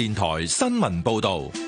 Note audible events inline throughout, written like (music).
電台新聞報道。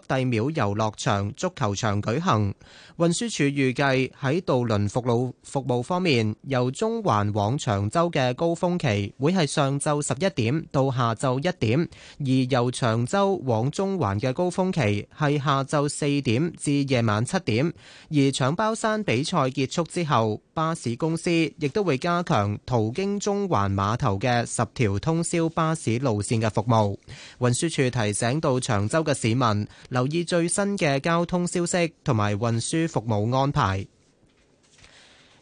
帝廟遊樂場足球場舉行。運輸署預計喺渡輪服務方面，由中環往長洲嘅高峰期會係上晝十一點到下晝一點，而由長洲往中環嘅高峰期係下晝四點至夜晚七點。而搶包山比賽結束之後，巴士公司亦都會加強途經中環碼頭嘅十條通宵巴士路線嘅服務。運輸署提醒到長洲嘅市民。留意最新嘅交通消息同埋運輸服務安排。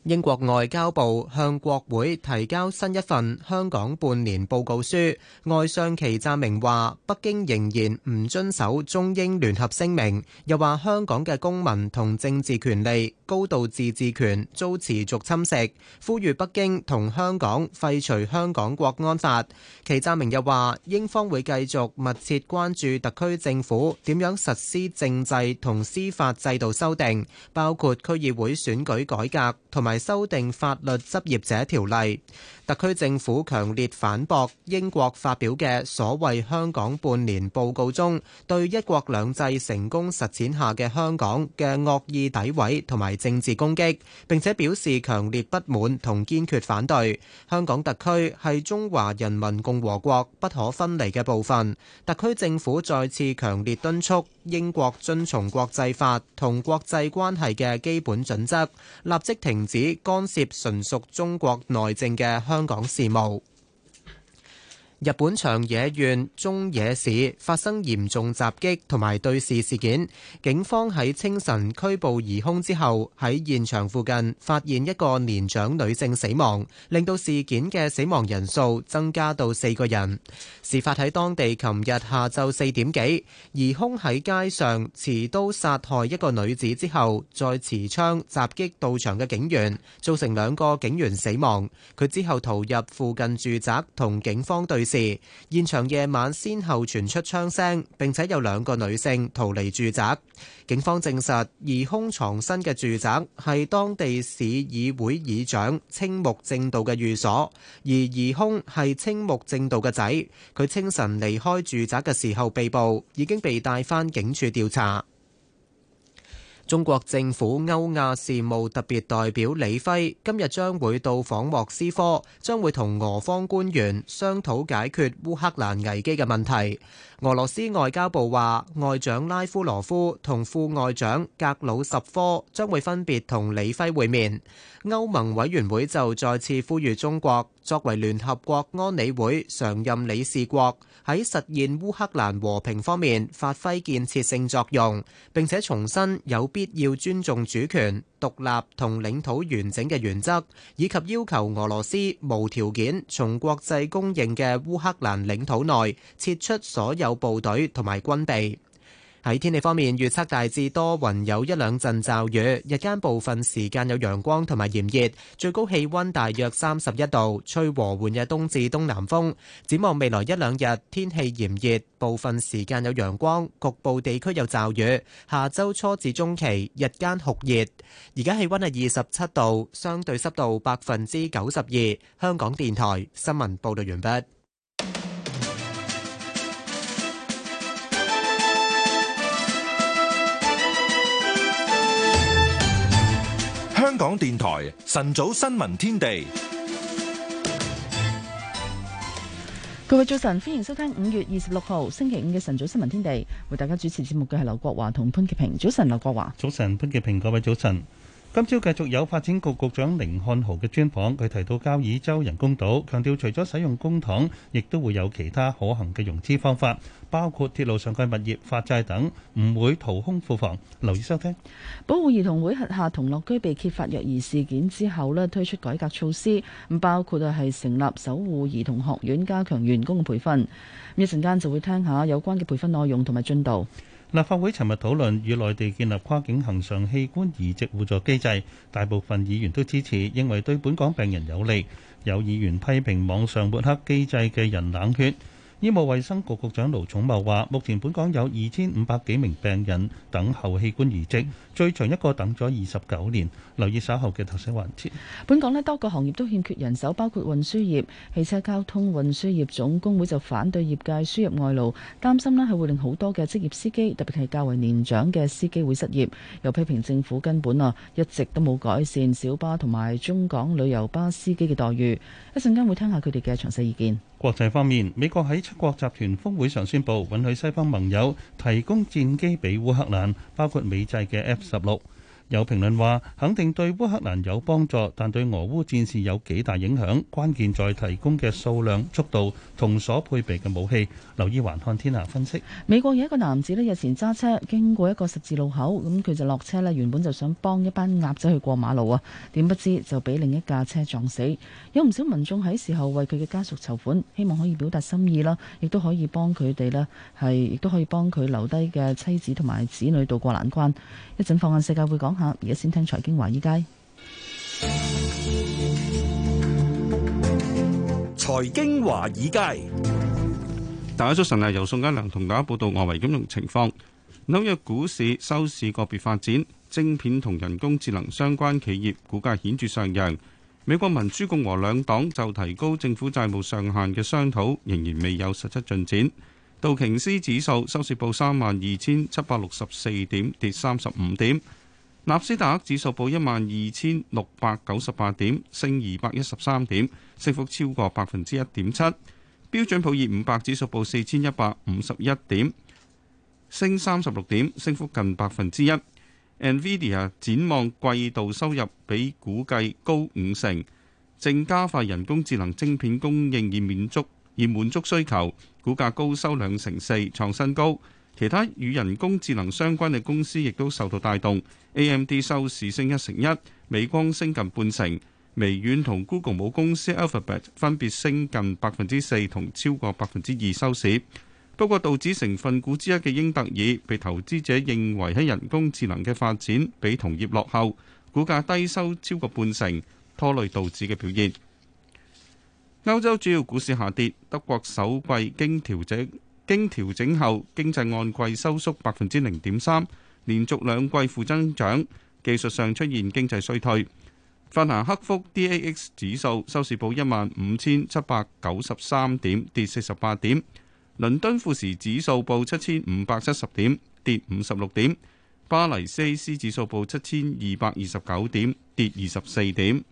英國外交部向國會提交新一份香港半年報告書，外相祁湛明話：北京仍然唔遵守中英聯合聲明，又話香港嘅公民同政治權利、高度自治權遭持續侵蝕，呼籲北京同香港廢除香港國安法。祁湛明又話：英方會繼續密切關注特區政府點樣實施政制同司法制度修訂，包括區議會選舉改革同埋。修訂法律執業者條例，特區政府強烈反駁英國發表嘅所謂《香港半年報告》中對一國兩制成功實踐下嘅香港嘅惡意詆毀同埋政治攻擊，並且表示強烈不滿同堅決反對。香港特區係中華人民共和國不可分離嘅部分。特區政府再次強烈敦促英國遵從國際法同國際關係嘅基本準則，立即停止。干涉純屬中國內政嘅香港事務。日本長野縣中野市發生嚴重襲擊同埋對峙事件，警方喺清晨拘捕疑凶之後，喺現場附近發現一個年長女性死亡，令到事件嘅死亡人數增加到四個人。事發喺當地琴日下晝四點幾，疑凶喺街上持刀殺害一個女子之後，再持槍襲擊到場嘅警員，造成兩個警員死亡。佢之後逃入附近住宅同警方對。事現場夜晚先後傳出槍聲，並且有兩個女性逃離住宅。警方證實，疑凶藏身嘅住宅係當地市議會議長青木正道嘅寓所，而疑凶係青木正道嘅仔。佢清晨離開住宅嘅時候被捕，已經被帶翻警署調查。中國政府歐亞事務特別代表李輝今日將會到訪莫斯科，將會同俄方官員商討解決烏克蘭危機嘅問題。俄羅斯外交部話，外長拉夫羅夫同副外長格魯什科將會分別同李輝會面。歐盟委員會就再次呼籲中國作為聯合國安理會常任理事國，喺實現烏克蘭和平方面發揮建設性作用，並且重申有必要尊重主權、獨立同領土完整嘅原則，以及要求俄羅斯無條件從國際公認嘅烏克蘭領土內撤出所有部隊同埋軍備。喺天氣方面預測大致多雲，有一兩陣驟雨，日間部分時間有陽光同埋炎熱，最高氣溫大約三十一度，吹和緩嘅東至東南風。展望未來一兩日天氣炎熱，部分時間有陽光，局部地區有驟雨。下周初至中期日間酷熱，而家氣溫係二十七度，相對濕度百分之九十二。香港電台新聞報道完畢。香港電台晨早新聞天地，各位早晨，歡迎收聽五月二十六號星期五嘅晨早新聞天地。為大家主持節目嘅係劉國華同潘潔平。早晨，劉國華。早晨，潘潔平。各位早晨。今朝繼續有發展局局長甯漢豪嘅專訪，佢提到交椅洲人工島，強調除咗使用公帑，亦都會有其他可行嘅融資方法，包括鐵路上嘅物業發債等，唔會掏空庫房。留意收聽。保護兒童會轄下同樂居被揭發虐兒事件之後咧，推出改革措施，咁包括係成立守護兒童學院，加強員工嘅培訓。一陣間就會聽下有關嘅培訓內容同埋進度。立法會尋日討論與內地建立跨境恒常器官移植互助機制，大部分議員都支持，認為對本港病人有利。有議員批評網上抹黑機制嘅人冷血。醫務衛生局局長盧寵茂話：目前本港有二千五百幾名病人等候器官移植。最長一個等咗二十九年，留意稍後嘅投訴環節。本港咧多個行業都欠缺人手，包括運輸業、汽車交通運輸業總工會就反對業界輸入外勞，擔心咧係會令好多嘅職業司機，特別係較為年長嘅司機會失業。又批評政府根本啊一直都冇改善小巴同埋中港旅遊巴司機嘅待遇。一陣間會聽下佢哋嘅詳細意見。國際方面，美國喺七國集團峰會上宣布允許西方盟友提供戰機俾烏克蘭，包括美製嘅 F 十六，有評論話，肯定對烏克蘭有幫助，但對俄烏戰事有幾大影響，關鍵在提供嘅數量、速度同所配備嘅武器。留意環看天下分析。美國有一個男子咧，日前揸車經過一個十字路口，咁佢就落車啦。原本就想幫一班鴨仔去過馬路啊，點不知就俾另一架車撞死。有唔少民眾喺事後為佢嘅家屬籌款，希望可以表達心意啦，亦都可以幫佢哋咧，係亦都可以幫佢留低嘅妻子同埋子女渡過難關。一陣放眼世界會講下，而家先聽財經華爾街。財經華爾街，大家早晨啊！由宋嘉良同大家報道外圍金融情況。紐約股市收市個別發展，晶片同人工智能相關企業股價顯著上揚。美國民主共和兩黨就提高政府債務上限嘅商討，仍然未有實質進展。道瓊斯指數收市報三萬二千七百六十四點，跌三十五點。納斯達克指數報一萬二千六百九十八點，升二百一十三點，升幅超過百分之一點七。標準普爾五百指數報四千一百五十一點，升三十六點，升幅近百分之一。Nvidia 展望季度收入比估計高五成，正加快人工智能晶片供應而滿足而滿足需求。股價高收兩成四，創新高。其他與人工智能相關嘅公司亦都受到帶動。AMD 收市升一成一，美光升近半成，微軟同 Google 母公司 Alphabet 分別升近百分之四同超過百分之二收市。不過道指成分股之一嘅英特爾被投資者認為喺人工智能嘅發展比同業落後，股價低收超過半成，拖累道指嘅表現。歐洲主要股市下跌，德國首季經調整經調整後經濟按季收縮百分之零點三，連續兩季負增長，技術上出現經濟衰退。法蘭克福 DAX 指數收市報一萬五千七百九十三點，跌四十八點；倫敦富時指數報七千五百七十點，跌五十六點；巴黎 CAC 指數報七千二百二十九點，跌二十四點。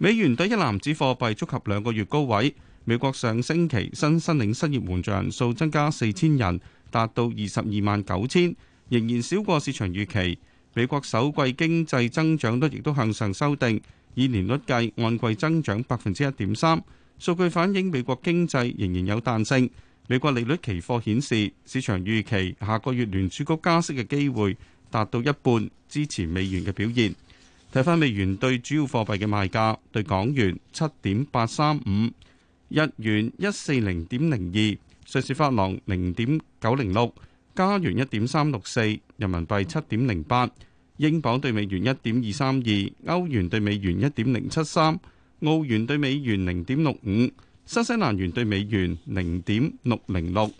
美元兌一籃子貨幣觸及兩個月高位。美國上星期新申領失業援助人數增加四千人，達到二十二萬九千，仍然少過市場預期。美國首季經濟增長率亦都向上修訂，以年率計按季增長百分之一點三。數據反映美國經濟仍然有彈性。美國利率期貨顯示市場預期下個月聯儲局加息嘅機會達到一半，支持美元嘅表現。睇翻美元對主要貨幣嘅賣價，對港元七點八三五，日元一四零點零二，瑞士法郎零點九零六，加元一點三六四，人民幣七點零八，英鎊對美元一點二三二，歐元對美元一點零七三，澳元對美元零點六五，新西蘭元對美元零點六零六。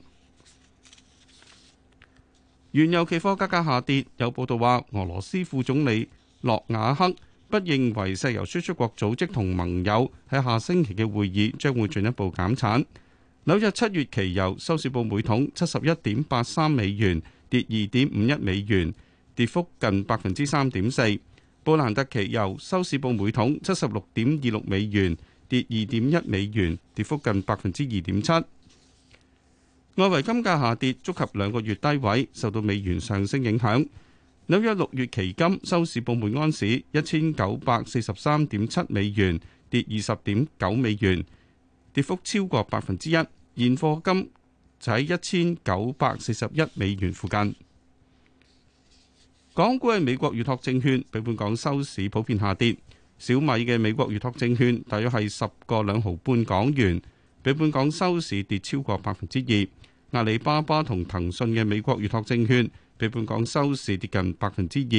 原油期貨價格下跌，有報道話俄羅斯副總理，洛瓦克不認為石油輸出國組織同盟友喺下星期嘅會議將會進一步減產。紐約七月期油收市報每桶七十一點八三美元，跌二點五一美元，跌幅近百分之三點四。布蘭特期油收市報每桶七十六點二六美元，跌二點一美元，跌幅近百分之二點七。外圍金價下跌觸及兩個月低位，受到美元上升影響。紐約六月期金收市部每安市一千九百四十三點七美元，跌二十點九美元，跌幅超過百分之一。現貨金就喺一千九百四十一美元附近。港股嘅美國越拓證券比本港收市普遍下跌，小米嘅美國越拓證券大約係十個兩毫半港元，比本港收市跌超過百分之二。阿里巴巴同騰訊嘅美國越拓證券。比本港收市跌近百分之二，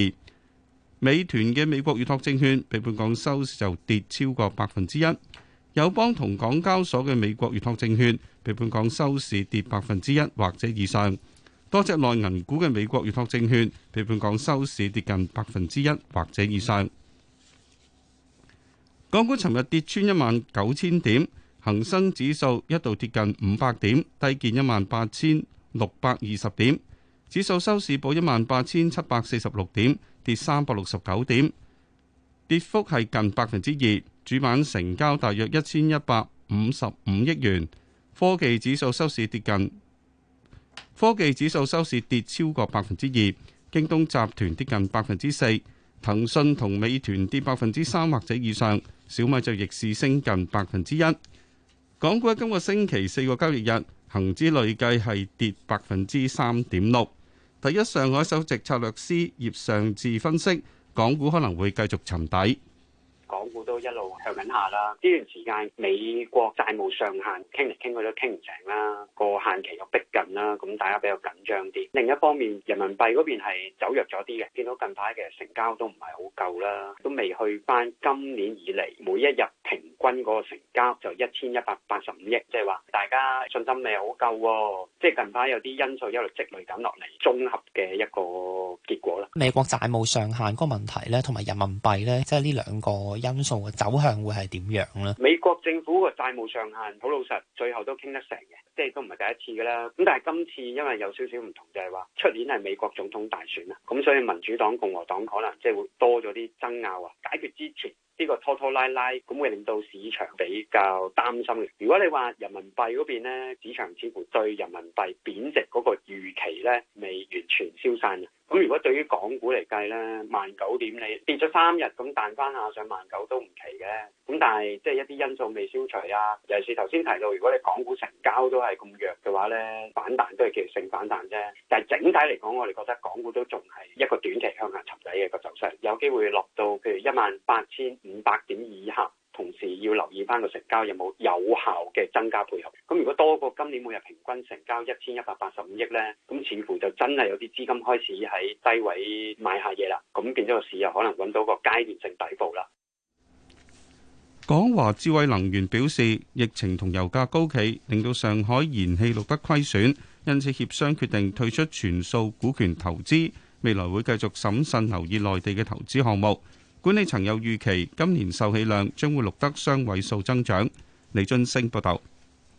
美團嘅美國預託證券比本港收市就跌超過百分之一，友邦同港交所嘅美國預託證券比本港收市跌百分之一或者以上，多隻內銀股嘅美國預託證券比本港收市跌近百分之一或者以上。港股尋日跌穿一萬九千點，恒生指數一度跌近五百點，低見一萬八千六百二十點。指數收市報一萬八千七百四十六點，跌三百六十九點，跌幅係近百分之二。主板成交大約一千一百五十五億元。科技指數收市跌近，科技指數收市跌超過百分之二。京東集團跌近百分之四，騰訊同美團跌百分之三或者以上。小米就逆市升近百分之一。港股喺今個星期四個交易日，恒指累計係跌百分之三點六。第一，上海首席策略師葉尚志分析，港股可能會繼續沉底。港股都一路向緊下啦，呢段時間美國債務上限傾嚟傾去都傾唔成啦，個限期又逼近啦，咁大家比較緊張啲。另一方面，人民幣嗰邊係走弱咗啲嘅，見到近排嘅成交都唔係好夠啦，都未去翻今年以嚟每一日平均嗰個成交就一千一百八十五億，即係話大家信心未好夠，即係近排有啲因素一路積累緊落嚟，綜合嘅一個結果啦。美國債務上限嗰個問題咧，同埋人民幣咧，即係呢兩個因。因。數嘅走向會係點樣咧？美國政府個債務上限好老實，最後都傾得成嘅，即係都唔係第一次噶啦。咁但係今次因為有少少唔同，就係話出年係美國總統大選啊，咁所以民主黨、共和黨可能即係會多咗啲爭拗啊。解決之前呢個拖拖拉拉，咁會令到市場比較擔心嘅。如果你話人民幣嗰邊咧，市場似乎對人民幣貶值嗰個預期咧，未完全消散。咁如果對於港股嚟計呢，萬九點你跌咗三日咁彈翻下上萬九都唔奇嘅。咁但係即係一啲因素未消除啊，尤其是頭先提到，如果你港股成交都係咁弱嘅話呢，反彈都係技術性反彈啫。但係整體嚟講，我哋覺得港股都仲係一個短期向下尋底嘅個走勢，有機會落到譬如一萬八千五百點以下。同時要留意翻個成交有冇有效嘅增加配合，咁如果多過今年每日平均成交一千一百八十五億呢，咁似乎就真係有啲資金開始喺低位買下嘢啦，咁變咗個市又可能揾到個階段性底部啦。港華智慧能源表示，疫情同油價高企令到上海燃氣錄得虧損，因此協商決定退出全數股權投資，未來會繼續審慎留意內地嘅投資項目。管理層又預期，今年售氣量將會錄得雙位數增長。李俊升報道。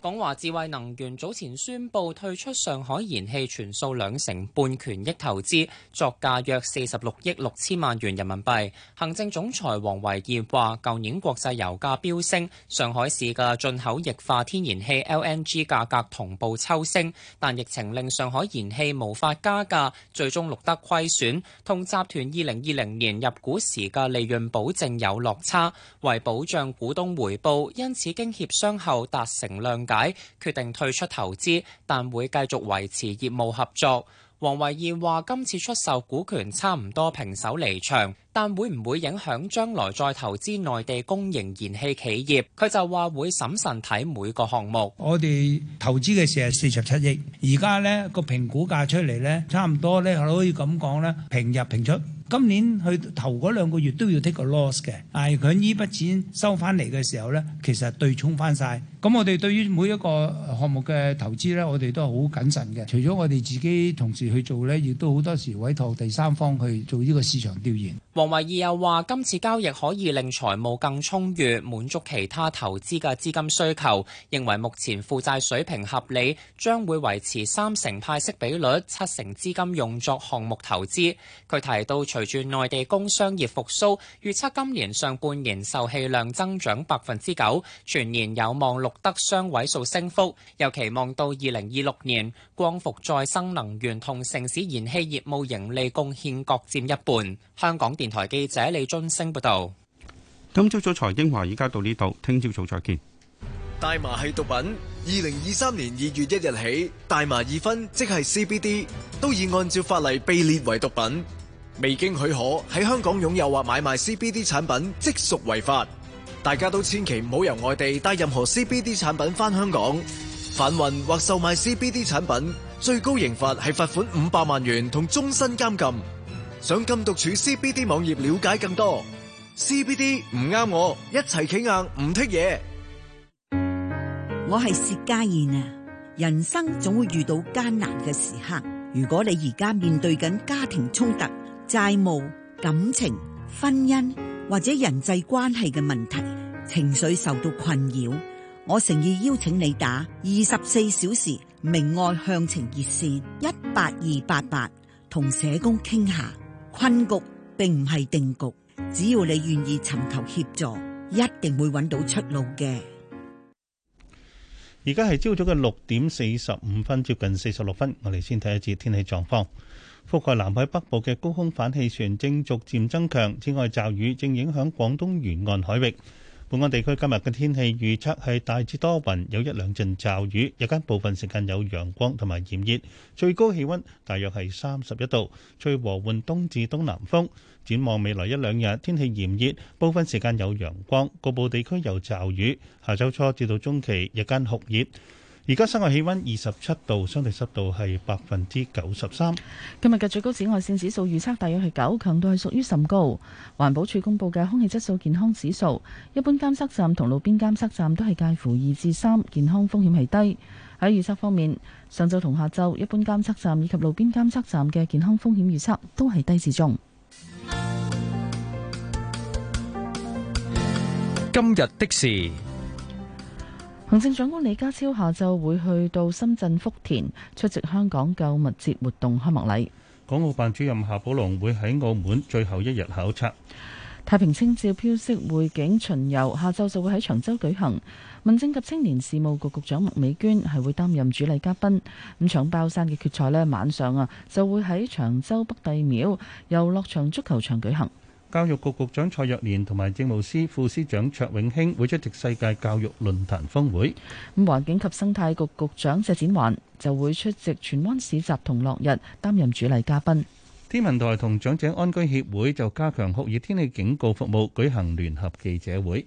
港華智慧能源早前宣布退出上海燃氣，全數兩成半權益投資作價約四十六億六千萬元人民幣。行政總裁黃維義話，舊年國際油價飆升，上海市嘅進口液化天然氣 （LNG） 價格同步抽升，但疫情令上海燃氣無法加價，最終錄得虧損，同集團二零二零年入股時嘅利潤保證有落差。為保障股東回報，因此經協商後達成量。解決定退出投資，但會繼續維持業務合作。黃維燕話：今次出售股權差唔多平手離場，但會唔會影響將來再投資內地公營燃氣企業？佢就話會審慎睇每個項目。我哋投資嘅時係四十七億，而家呢個評估價出嚟呢，差唔多呢，可以咁講咧，平入平出。今年去頭嗰兩個月都要 take 個 loss 嘅，但係佢呢筆錢收翻嚟嘅時候咧，其實對沖翻晒。咁我哋對於每一個項目嘅投資咧，我哋都係好謹慎嘅。除咗我哋自己同時去做咧，亦都好多時委託第三方去做呢個市場調研。王維義又話：今次交易可以令財務更充裕，滿足其他投資嘅資金需求。認為目前負債水平合理，將會維持三成派息比率，七成資金用作項目投資。佢提到，隨住內地工商業復甦，預測今年上半年售氣量增長百分之九，全年有望錄得雙位數升幅。又期望到二零二六年，光伏再生能源同城市燃氣業務盈利貢獻各佔一半。香港。電台記者李俊升報道。今朝早財經話，而家到呢度，聽朝早,上早上再見。大麻係毒品。二零二三年二月一日起，大麻二酚即係 CBD 都已按照法例被列為毒品。未經許可喺香港擁有或買賣 CBD 產品即屬違法。大家都千祈唔好由外地帶任何 CBD 產品翻香港。販運或售賣 CBD 產品，最高刑罰係罰款五百萬元同終身監禁。上禁毒處 C B D 網頁了解更多。C B D 唔啱，我一齊企硬唔剔嘢。我係薛家燕啊！人生總會遇到艱難嘅時刻。如果你而家面對緊家庭衝突、債務、感情、婚姻或者人際關係嘅問題，情緒受到困擾，我誠意邀請你打二十四小時明愛向晴熱線一八二八八，同社工傾下。困局並唔係定局，只要你願意尋求協助，一定會揾到出路嘅。而家係朝早嘅六點四十五分，接近四十六分，我哋先睇一次天氣狀況。覆蓋南海北部嘅高空反氣旋正逐漸增強，此外驟雨正影響廣東沿岸海域。本港地區今日嘅天氣預測係大致多雲，有一兩陣驟雨，日間部分時間有陽光同埋炎熱，最高氣温大約係三十一度，吹和緩東至東南風。展望未來一兩日，天氣炎熱，部分時間有陽光，局部地區有驟雨。下週初至到中期日間酷熱。而家室外氣溫二十七度，相對濕度係百分之九十三。今日嘅最高紫外線指數預測大約係九，強度係屬於甚高。環保署公布嘅空氣質素健康指數，一般監測站同路邊監測站都係介乎二至三，健康風險係低。喺預測方面，上晝同下晝，一般監測站以及路邊監測站嘅健康風險預測都係低至中。今日的事。行政長官李家超下晝會去到深圳福田出席香港購物節活動開幕禮。港澳辦主任夏寶龍會喺澳門最後一日考察。太平清醮飄色會景巡遊下晝就會喺長洲舉行。民政及青年事務局局,局長麥美娟係會擔任主禮嘉賓。咁搶包山嘅決賽呢，晚上啊就會喺長洲北帝廟遊樂場足球場舉行。教育局局長蔡若蓮同埋政務司副司長卓永興會出席世界教育論壇峰會。咁環境及生態局局長謝展寰就會出席荃灣市集同落日擔任主禮嘉賓。天文台同長者安居協會就加強酷熱天氣警告服務，舉行聯合記者會。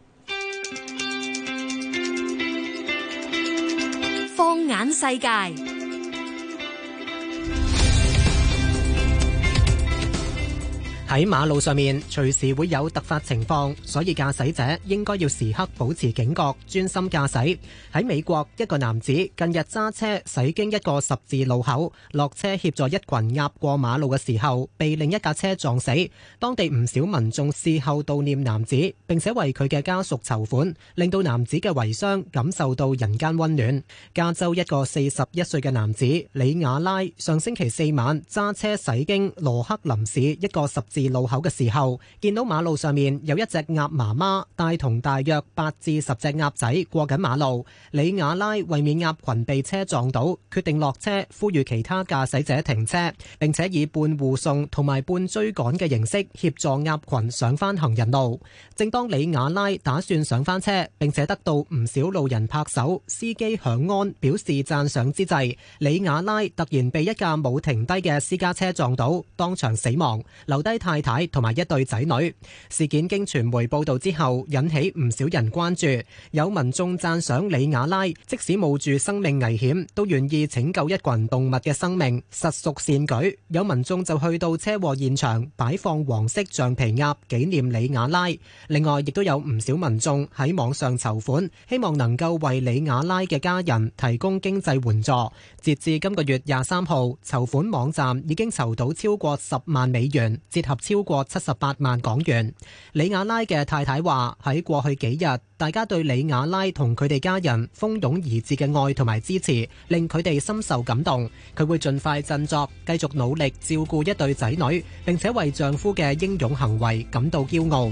放眼世界。喺馬路上面隨時會有突發情況，所以駕駛者應該要時刻保持警覺，專心駕駛。喺美國，一個男子近日揸車駛經一個十字路口，落車協助一羣鴨過馬路嘅時候，被另一架車撞死。當地唔少民眾事後悼念男子，並且為佢嘅家屬籌款，令到男子嘅遺孀感受到人間温暖。加州一個四十一歲嘅男子李亞拉，上星期四晚揸車駛經羅克林市一個十字路口嘅時候，見到馬路上面有一隻鴨媽媽帶同大約八至十隻鴨仔過緊馬路。李亞拉為免鴨群被車撞到，決定落車呼籲其他駕駛者停車，並且以半護送同埋半追趕嘅形式協助鴨群上翻行人路。正當李亞拉打算上翻車，並且得到唔少路人拍手、司機響安表示讚賞之際，李亞拉突然被一架冇停低嘅私家車撞到，當場死亡，留低太太太同埋一對仔女。事件經傳媒報道之後，引起唔少人關注。有民眾讚賞李亞拉即使冒住生命危險，都願意拯救一群動物嘅生命，實屬善舉。有民眾就去到車禍現場擺放黃色橡皮鴨，紀念李亞拉。另外，亦都有唔少民眾喺網上籌款，希望能夠為李亞拉嘅家人提供經濟援助。截至今個月廿三號，籌款網站已經籌到超過十萬美元，折合，超過七十八萬港元。李亞拉嘅太太話：喺過去幾日，大家對李亞拉同佢哋家人蜂擁而至嘅愛同埋支持，令佢哋深受感動。佢會盡快振作，繼續努力照顧一對仔女，並且為丈夫嘅英勇行為感到驕傲。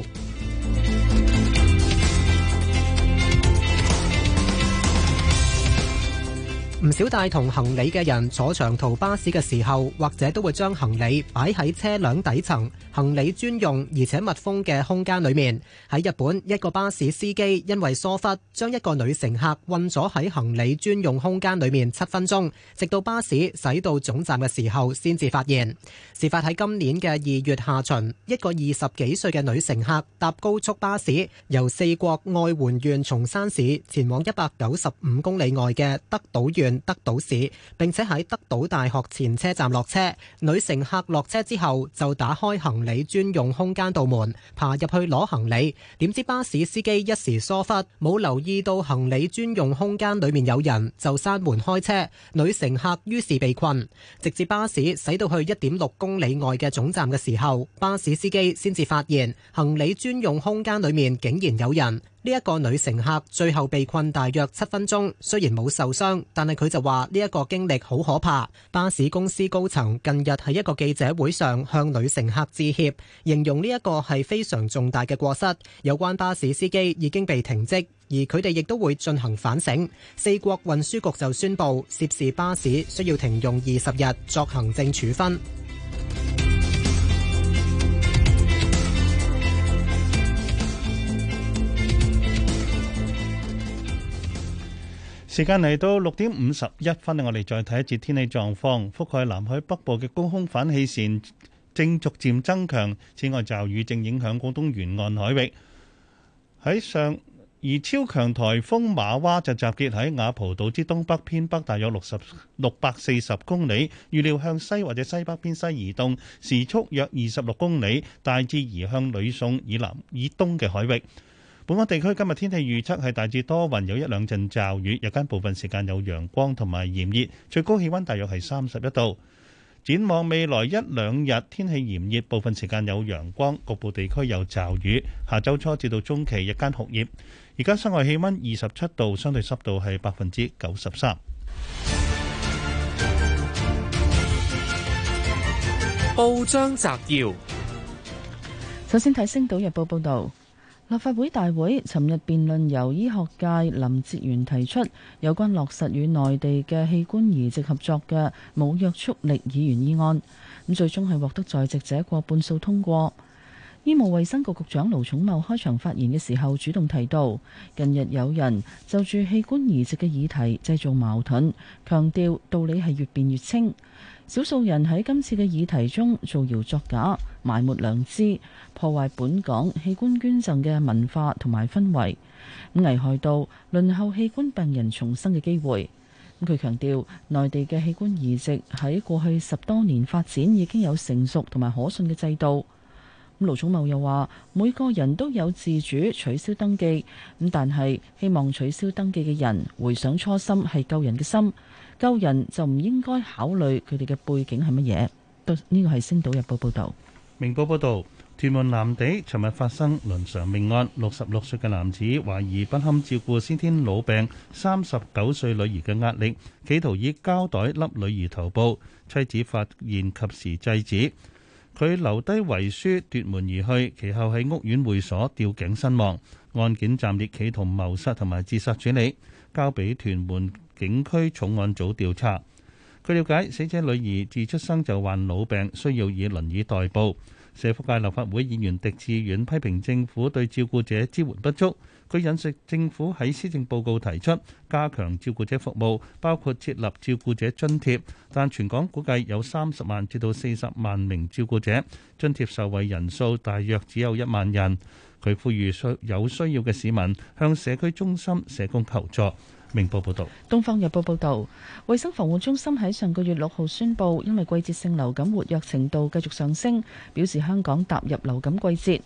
唔少帶同行李嘅人坐長途巴士嘅時候，或者都會將行李擺喺車輛底層行李專用而且密封嘅空間裏面。喺日本，一個巴士司機因為疏忽，將一個女乘客困咗喺行李專用空間裏面七分鐘，直到巴士駛到總站嘅時候先至發現。事發喺今年嘅二月下旬，一個二十幾歲嘅女乘客搭高速巴士，由四國愛媛縣松山市前往一百九十五公里外嘅德島縣。德島市，並且喺德島大學前車站落車。女乘客落車之後就打開行李專用空間道門，爬入去攞行李。點知巴士司機一時疏忽，冇留意到行李專用空間裏面有人，就閂門開車，女乘客於是被困。直至巴士駛到去一點六公里外嘅總站嘅時候，巴士司機先至發現行李專用空間裏面竟然有人。呢一個女乘客最後被困大約七分鐘，雖然冇受傷，但係佢就話呢一個經歷好可怕。巴士公司高層近日喺一個記者會上向女乘客致歉，形容呢一個係非常重大嘅過失。有關巴士司機已經被停職，而佢哋亦都會進行反省。四國運輸局就宣布涉事巴士需要停用二十日作行政處分。時間嚟到六點五十一分，我哋再睇一節天氣狀況。覆蓋南海北部嘅高空反氣旋正逐漸增強，此外驟雨正影響廣東沿岸海域。喺上，而超強颱風馬娃就集結喺雅浦島之東北偏北，大約六十六百四十公里，預料向西或者西北偏西移動，時速約二十六公里，大致移向呂宋以南以東嘅海域。本港地區今日天氣預測係大致多雲，有一兩陣驟雨，日間部分時間有陽光同埋炎熱，最高氣温大約係三十一度。展望未來一兩日天氣炎熱，部分時間有陽光，局部地區有驟雨。下周初至到中期日間酷熱。而家室外氣温二十七度，相對濕度係百分之九十三。報章摘要：首先睇《星島日報》報道。立法會大會尋日辯論由醫學界林哲玄提出有關落實與內地嘅器官移植合作嘅《冇約束力》議員議案，咁最終係獲得在席者過半數通過。醫務衛生局局長盧寵茂開場發言嘅時候，主動提到近日有人就住器官移植嘅議題製造矛盾，強調道理係越辯越清，少數人喺今次嘅議題中造謠作假，埋沒良知，破壞本港器官捐贈嘅文化同埋氛圍，危害到輪候器官病人重生嘅機會。佢強調，內地嘅器官移植喺過去十多年發展已經有成熟同埋可信嘅制度。咁盧寵茂又話，每個人都有自主取消登記，咁但係希望取消登記嘅人回想初心係救人嘅心，救人就唔應該考慮佢哋嘅背景係乜嘢。呢個係《星島日報》報道。明報報導，屯門藍地尋日發生倫常命案，六十六歲嘅男子懷疑不堪照顧先天老病三十九歲女兒嘅壓力，企圖以膠袋笠女兒頭部，妻子發現及時制止，佢留低遺書奪門而去，其後喺屋苑會所吊頸身亡。案件暫列企圖謀殺同埋自殺處理，交俾屯門警區重案組調查。據了解，死者女兒自出生就患腦病，需要以輪椅代步。社福界立法會議員狄志遠批評政府對照顧者支援不足。佢引述政府喺施政報告提出加強照顧者服務，包括設立照顧者津貼，但全港估計有三十萬至到四十萬名照顧者，津貼受惠人數大約只有一萬人。佢呼籲有需要嘅市民向社區中心社工求助。明報報道，東方日報報道，衛生防護中心喺上個月六號宣布，因為季節性流感活躍程度繼續上升，表示香港踏入流感季節，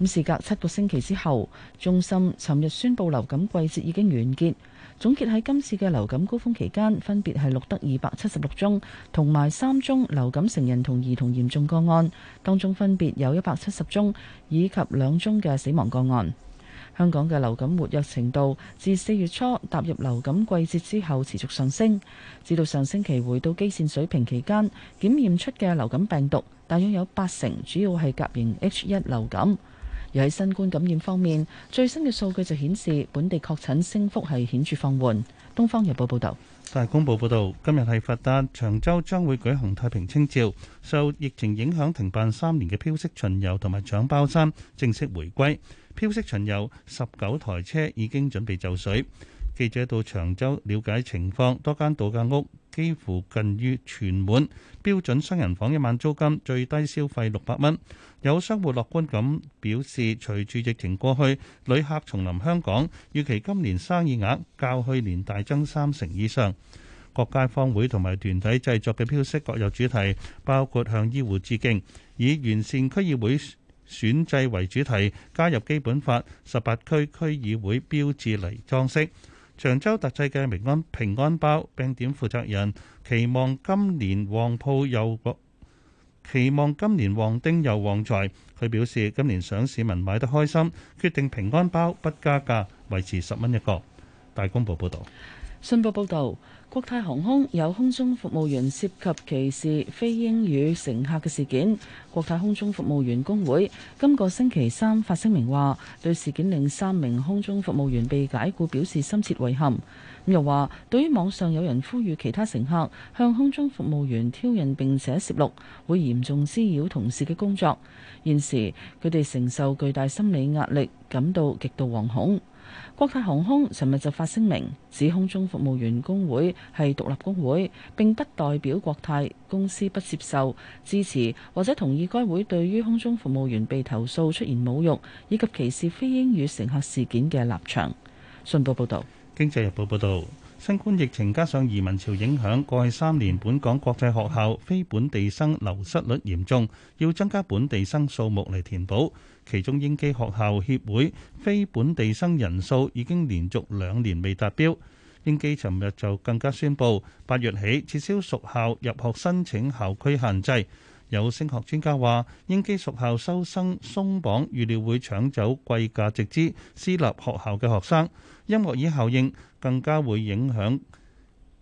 咁時隔七個星期之後，中心尋日宣布流感季節已經完結，總結喺今次嘅流感高峰期間，分別係錄得二百七十六宗同埋三宗流感成人同兒童嚴重個案，當中分別有一百七十宗以及兩宗嘅死亡個案。香港嘅流感活躍程度自四月初踏入流感季節之後持續上升，至到上星期回到基線水平期間，檢驗出嘅流感病毒大約有八成主要係甲型 H1 流感。而喺新冠感染方面，最新嘅數據就顯示本地確診升幅係顯著放緩。東方日報報道。大公報報導，今日係佛誕，長洲將會舉行太平清醮。受疫情影響停辦三年嘅飄色巡遊同埋搶包山正式回歸。飄色巡遊十九台車已經準備就緒。記者到長洲了解情況，多間度假屋，幾乎近於全滿，標準雙人房一晚租金最低消費六百蚊。有商戶樂觀咁表示，隨住疫情過去，旅客重臨香港，預期今年生意額較去年大增三成以上。各街坊會同埋團體製作嘅標識各有主題，包括向醫護致敬，以完善區議會選制為主題，加入基本法十八區區議會標誌嚟裝飾。長洲特製嘅明安平安包，餅店負責人期望今年旺鋪又旺，期望今年旺丁又旺財。佢表示今年想市民買得開心，決定平安包不加價，維持十蚊一個。大公報報導，信報報導。國泰航空有空中服務員涉及歧視非英語乘客嘅事件，國泰空中服務員工會今個星期三發聲明話，對事件令三名空中服務員被解雇表示深切遺憾。又話，對於網上有人呼籲其他乘客向空中服務員挑釁，並且攝錄，會嚴重滋擾同事嘅工作，現時佢哋承受巨大心理壓力，感到極度惶恐。國泰航空尋日就發聲明，指空中服務員工會係獨立工會，並不代表國泰公司不接受、支持或者同意該會對於空中服務員被投訴出現侮辱以及歧視非英語乘客事件嘅立場。信報報導，《經濟日報》報導，新冠疫情加上移民潮影響，過去三年本港國際學校非本地生流失率嚴重，要增加本地生數目嚟填補。其中英基學校協會非本地生人數已經連續兩年未達標，英基尋日就更加宣布，八月起撤銷屬校入學申請校區限制。有升學專家話英基屬校收生鬆綁預料會搶走貴價直資私立學校嘅學生。音樂椅效應更加會影響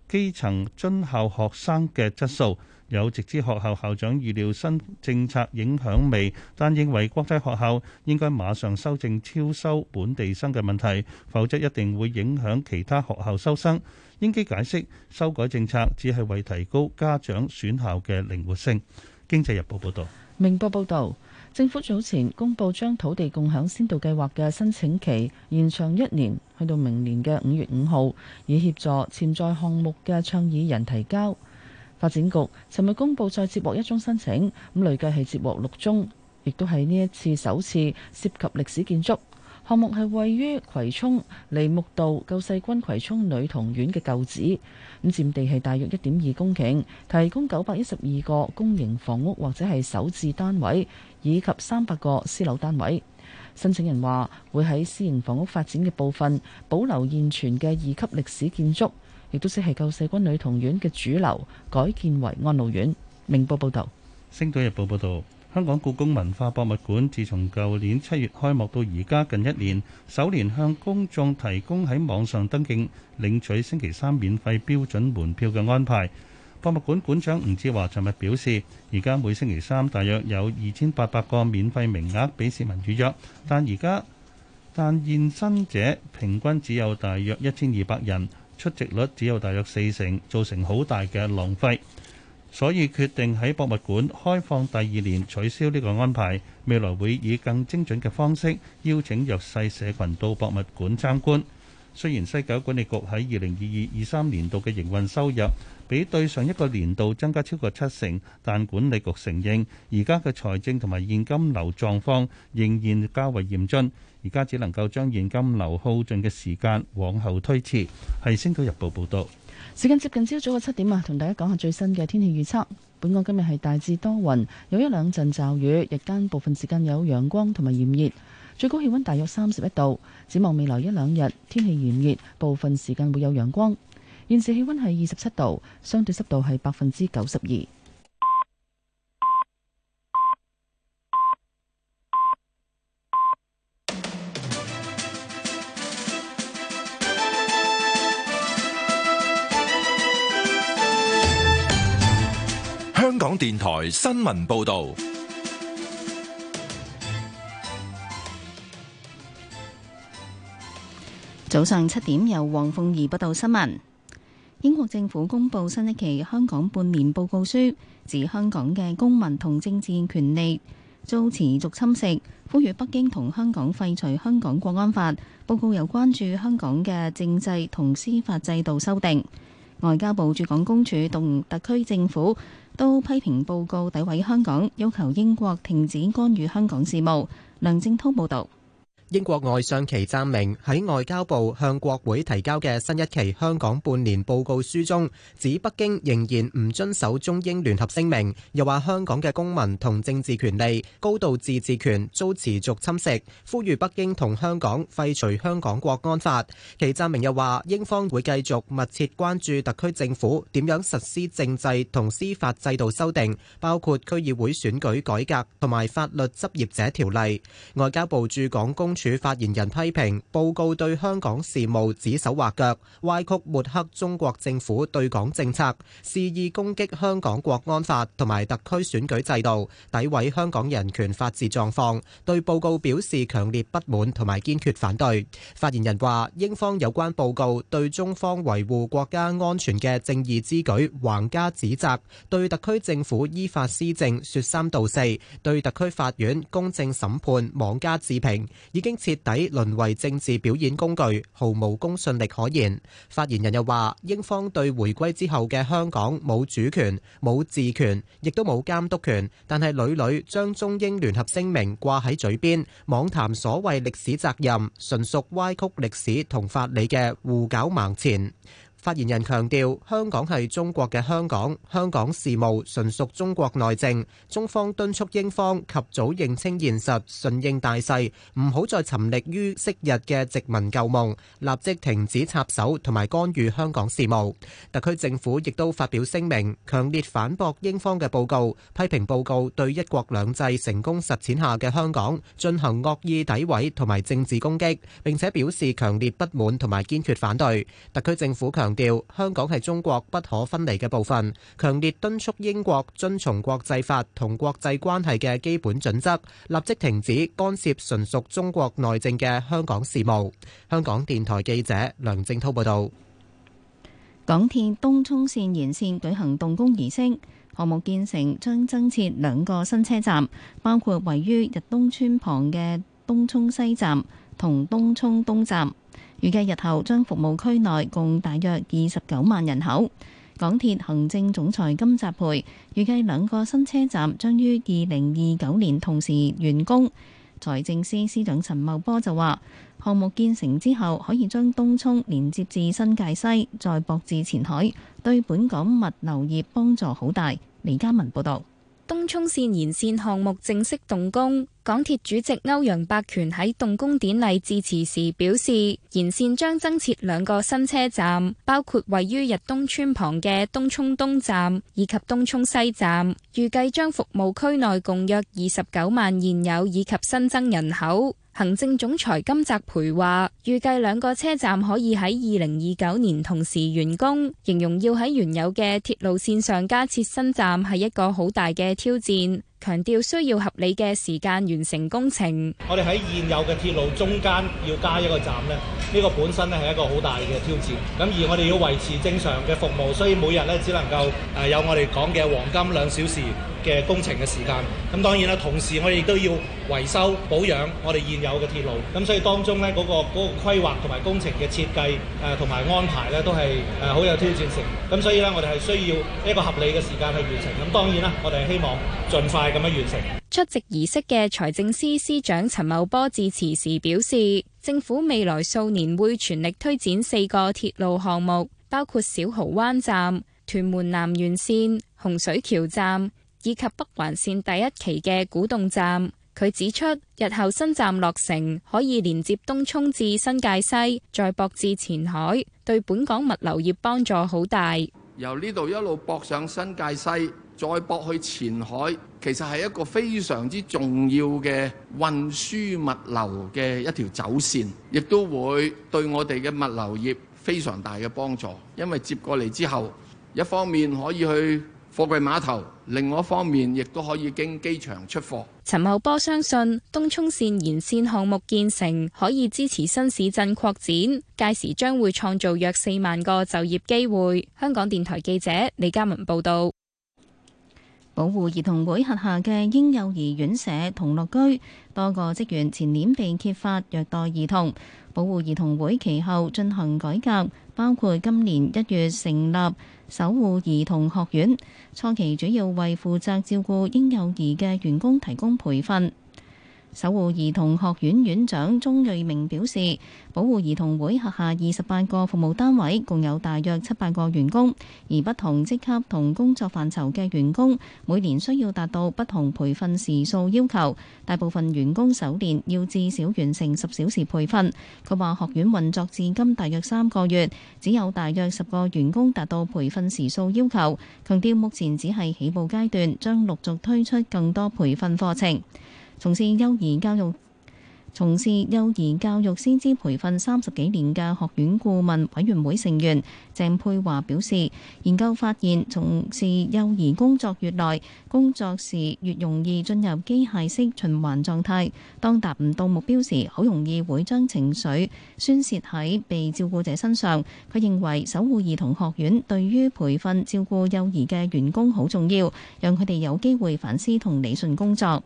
基層津校學生嘅質素。有直資學校校長預料新政策影響未，但認為國際學校應該馬上修正超收本地生嘅問題，否則一定會影響其他學校收生。英基解釋修改政策只係為提高家長選校嘅靈活性。經濟日報報道。明報報道，政府早前公布將土地共享先導計劃嘅申請期延長一年，去到明年嘅五月五號，以協助潛在項目嘅倡議人提交。發展局尋日公布再接獲一宗申請，咁累計係接獲六宗，亦都係呢一次首次涉及歷史建築。項目係位於葵涌梨木道救世軍葵涌女童院嘅舊址，咁佔地係大約一點二公頃，提供九百一十二個公營房屋或者係首置單位，以及三百個私樓單位。申請人話會喺私營房屋發展嘅部分保留現存嘅二級歷史建築。亦都只係救世軍女童院嘅主樓，改建為安老院。明報報道：《星島日報》報道，香港故宮文化博物館自從舊年七月開幕到而家近一年，首年向公眾提供喺網上登記領取星期三免費標準門票嘅安排。博物館館長吳志華尋日表示，而家每星期三大約有二千八百個免費名額俾市民預約，但而家但現身者平均只有大約一千二百人。出席率只有大約四成，造成好大嘅浪費，所以決定喺博物館開放第二年取消呢個安排。未來會以更精準嘅方式邀請弱勢社群到博物館參觀。雖然西九管理局喺二零二二、二三年度嘅營運收入比對上一個年度增加超過七成，但管理局承認，而家嘅財政同埋現金流狀況仍然較為嚴峻。而家只能夠將現金流耗盡嘅時間往後推遲。係《星島日報》報道。時間接近朝早嘅七點啊，同大家講下最新嘅天氣預測。本港今日係大致多雲，有一兩陣驟雨，日間部分時間有陽光同埋炎熱，最高氣温大約三十一度。展望未來一兩日天氣炎熱，部分時間會有陽光。現時氣温係二十七度，相對濕度係百分之九十二。香港電台新聞報道，早上七點由黃鳳儀報道新聞。英國政府公布新一期香港半年報告書，指香港嘅公民同政治權利遭持續侵蝕，呼籲北京同香港廢除香港國安法。報告又關注香港嘅政制同司法制度修訂。外交部駐港公署同特區政府。都批評報告詆毀香港，要求英國停止干預香港事務，梁正濤報道。英國外相祁贊明喺外交部向國會提交嘅新一期香港半年報告書中指，北京仍然唔遵守中英聯合聲明，又話香港嘅公民同政治權利、高度自治權，遭持續侵蝕，呼籲北京同香港廢除香港國安法。祁贊明又話英方會繼續密切關注特區政府點樣實施政制同司法制度修訂，包括區議會選舉改革同埋法律執業者條例。外交部駐港公署署發言人批評報告對香港事務指手畫腳，歪曲抹黑中國政府對港政策，肆意攻擊香港國安法同埋特區選舉制度，詆毀香港人權法治狀況，對報告表示強烈不滿同埋堅決反對。發言人話，英方有關報告對中方維護國家安全嘅正義之舉橫加指責，對特區政府依法施政說三道四，對特區法院公正審判妄加置評，已經。徹底淪為政治表演工具，毫無公信力可言。發言人又話，英方對回歸之後嘅香港冇主權、冇治權，亦都冇監督權，但係屢屢將中英聯合聲明掛喺嘴邊，妄談所謂歷史責任，純屬歪曲歷史同法理嘅胡攪蠻纏。發言人強調，香港係中國嘅香港，香港事務純屬中國內政。中方敦促英方及早認清現實，順應大勢，唔好再沉溺於昔日嘅殖民舊夢，立即停止插手同埋干預香港事務。特區政府亦都發表聲明，強烈反駁英方嘅報告，批評報告對一國兩制成功實踐下嘅香港進行惡意詆毀同埋政治攻擊，並且表示強烈不滿同埋堅決反對。特區政府強調香港係中國不可分離嘅部分，強烈敦促英國遵從國際法同國際關係嘅基本準則，立即停止干涉純屬中國內政嘅香港事務。香港電台記者梁正濤報道。港鐵東涌綫延綫舉行動工儀式，項目建成將增設兩個新車站，包括位於日東村旁嘅東涌西站同東涌東站。預計日後將服務區內共大約二十九萬人口。港鐵行政總裁金澤培預計兩個新車站將於二零二九年同時完工。財政司司長陳茂波就話項目建成之後可以將東涌連接至新界西，再駁至前海，對本港物流業幫助好大。李嘉文報道。東涌綫延綫項目正式動工。港鐵主席歐陽伯權喺動工典禮致辭時表示，沿綫將增設兩個新車站，包括位於日東村旁嘅東涌東站以及東涌西站，預計將服務區內共約二十九萬現有以及新增人口。行政總裁金澤培話，預計兩個車站可以喺二零二九年同時完工，形容要喺原有嘅鐵路綫上加設新站係一個好大嘅挑戰。強調需要合理嘅時間完成工程。我哋喺現有嘅鐵路中間要加一個站咧，呢、呢個本身咧係一個好大嘅挑戰。咁而我哋要維持正常嘅服務，所以每日咧只能夠誒有我哋講嘅黃金兩小時嘅工程嘅時間。咁當然啦，同時我哋亦都要維修保養我哋現有嘅鐵路。咁所以當中咧、嗰個、嗰個規劃同埋工程嘅設計誒同埋安排咧都係誒好有挑戰性。咁所以咧我哋係需要一個合理嘅時間去完成。咁當然啦，我哋係希望盡快。出席儀式嘅財政司司長陳茂波致辭時表示，政府未來數年會全力推展四個鐵路項目，包括小蠔灣站、屯門南延綫、洪水橋站以及北環線第一期嘅古洞站。佢指出，日後新站落成可以連接東涌至新界西，再駁至前海，對本港物流業幫助好大。由呢度一路駁上新界西，再駁去前海。其實係一個非常之重要嘅運輸物流嘅一條走線，亦都會對我哋嘅物流業非常大嘅幫助。因為接過嚟之後，一方面可以去貨櫃碼頭，另外一方面亦都可以經機場出貨。陳茂波相信東涌線延線項目建成，可以支持新市鎮擴展，屆時將會創造約四萬個就業機會。香港電台記者李嘉文報道。保護兒童會轄下嘅嬰幼兒院舍童樂居，多個職員前年被揭發虐待兒童。保護兒童會其後進行改革，包括今年一月成立守護兒童學院，初期主要為負責照顧嬰幼兒嘅員工提供培訓。守護兒童學院院長鍾瑞明表示，保護兒童會轄下二十八個服務單位，共有大約七百個員工，而不同職級同工作範疇嘅員工，每年需要達到不同培訓時數要求。大部分員工首年要至少完成十小時培訓。佢話學院運作至今大約三個月，只有大約十個員工達到培訓時數要求。強調目前只係起步階段，將陸續推出更多培訓課程。從事幼兒教育、從事幼兒教育師資培訓三十幾年嘅學院顧問委員會成員鄭佩華表示，研究發現，從事幼兒工作越耐，工作時越容易進入機械式循環狀態。當達唔到目標時，好容易會將情緒宣洩喺被照顧者身上。佢認為，守護兒童學院對於培訓照顧幼兒嘅員工好重要，讓佢哋有機會反思同理順工作。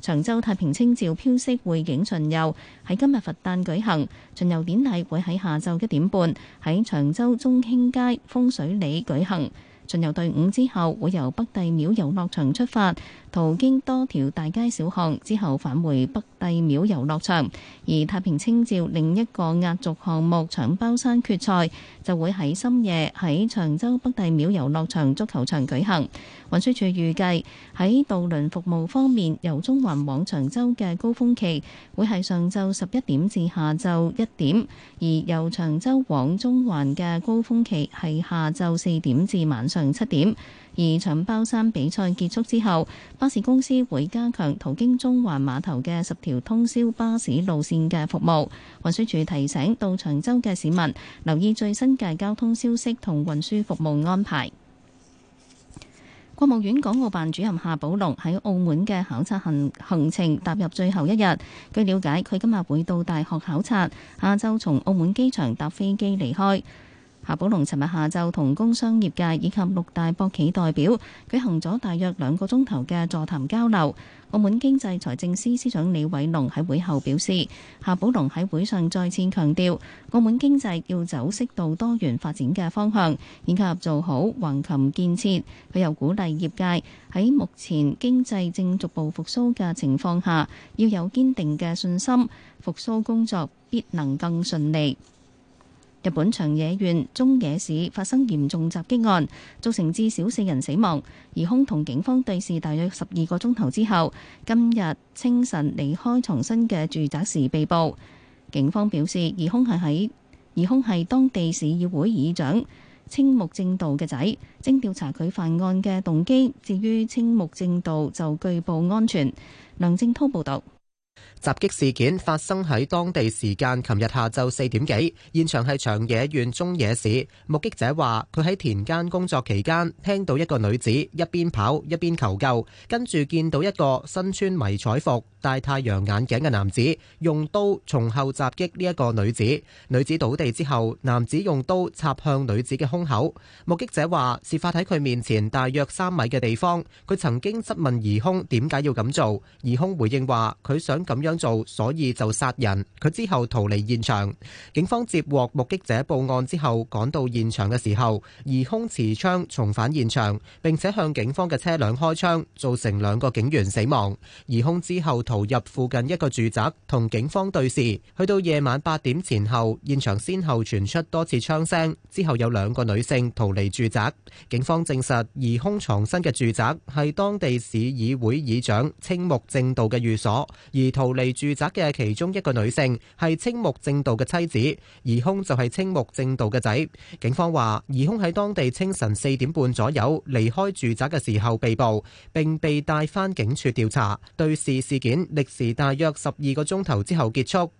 長洲太平清醮飄色匯景巡遊喺今日佛誕舉行，巡遊典禮會喺下晝一點半喺長洲中興街風水里舉行，巡遊隊伍之後會由北帝廟遊樂場出發。途經多條大街小巷之後，返回北帝廟遊樂場。而太平清醮另一個壓軸項目搶包山決賽，就會喺深夜喺長洲北帝廟遊樂場足球場舉行。運輸署預計喺渡輪服務方面，由中環往長洲嘅高峰期，會係上晝十一點至下晝一點；而由長洲往中環嘅高峰期，係下晝四點至晚上七點。而搶包山比賽結束之後，巴士公司會加強途經中環碼頭嘅十條通宵巴士路線嘅服務。運輸署提醒到長洲嘅市民留意最新嘅交通消息同運輸服務安排。國務院港澳辦主任夏寶龍喺澳門嘅考察行行程踏入最後一日。據了解，佢今日會到大學考察，下晝從澳門機場搭飛機離開。夏寶龍尋日下晝同工商業界以及六大博企代表舉行咗大約兩個鐘頭嘅座談交流。澳門經濟財政司司長李偉龍喺會後表示，夏寶龍喺會上再次強調，澳門經濟要走適度多元發展嘅方向，以及做好橫琴建設。佢又鼓勵業界喺目前經濟正逐步復蘇嘅情況下，要有堅定嘅信心，復蘇工作必能更順利。日本長野縣中野市發生嚴重襲擊案，造成至少四人死亡。疑凶同警方對峙大約十二個鐘頭之後，今日清晨離開藏身嘅住宅時被捕。警方表示，疑凶係喺疑凶係當地市議會議長青木正道嘅仔，正調查佢犯案嘅動機。至於青木正道就據報安全。梁正滔報導。襲擊事件發生喺當地時間琴日下晝四點幾，現場係長野縣中野市。目擊者話：佢喺田間工作期間，聽到一個女子一邊跑一邊求救，跟住見到一個身穿迷彩服、戴太陽眼鏡嘅男子，用刀從後襲擊呢一個女子。女子倒地之後，男子用刀插向女子嘅胸口。目擊者話：事發喺佢面前大約三米嘅地方，佢曾經質問疑兇點解要咁做，疑兇回應話佢想咁樣。想做，所以就殺人。佢之後逃離現場，警方接獲目擊者報案之後，趕到現場嘅時候，疑兇持槍重返現場，並且向警方嘅車輛開槍，造成兩個警員死亡。疑兇之後逃入附近一個住宅，同警方對峙。去到夜晚八點前後，現場先後傳出多次槍聲，之後有兩個女性逃離住宅。警方證實，疑兇藏身嘅住宅係當地市議會議長青木正道嘅寓所，而逃離。係住宅嘅其中一個女性係青木正道嘅妻子，疑凶就係青木正道嘅仔。警方話疑凶喺當地清晨四點半左右離開住宅嘅時候被捕，並被帶返警署調查。對峙事件歷時大約十二個鐘頭之後結束。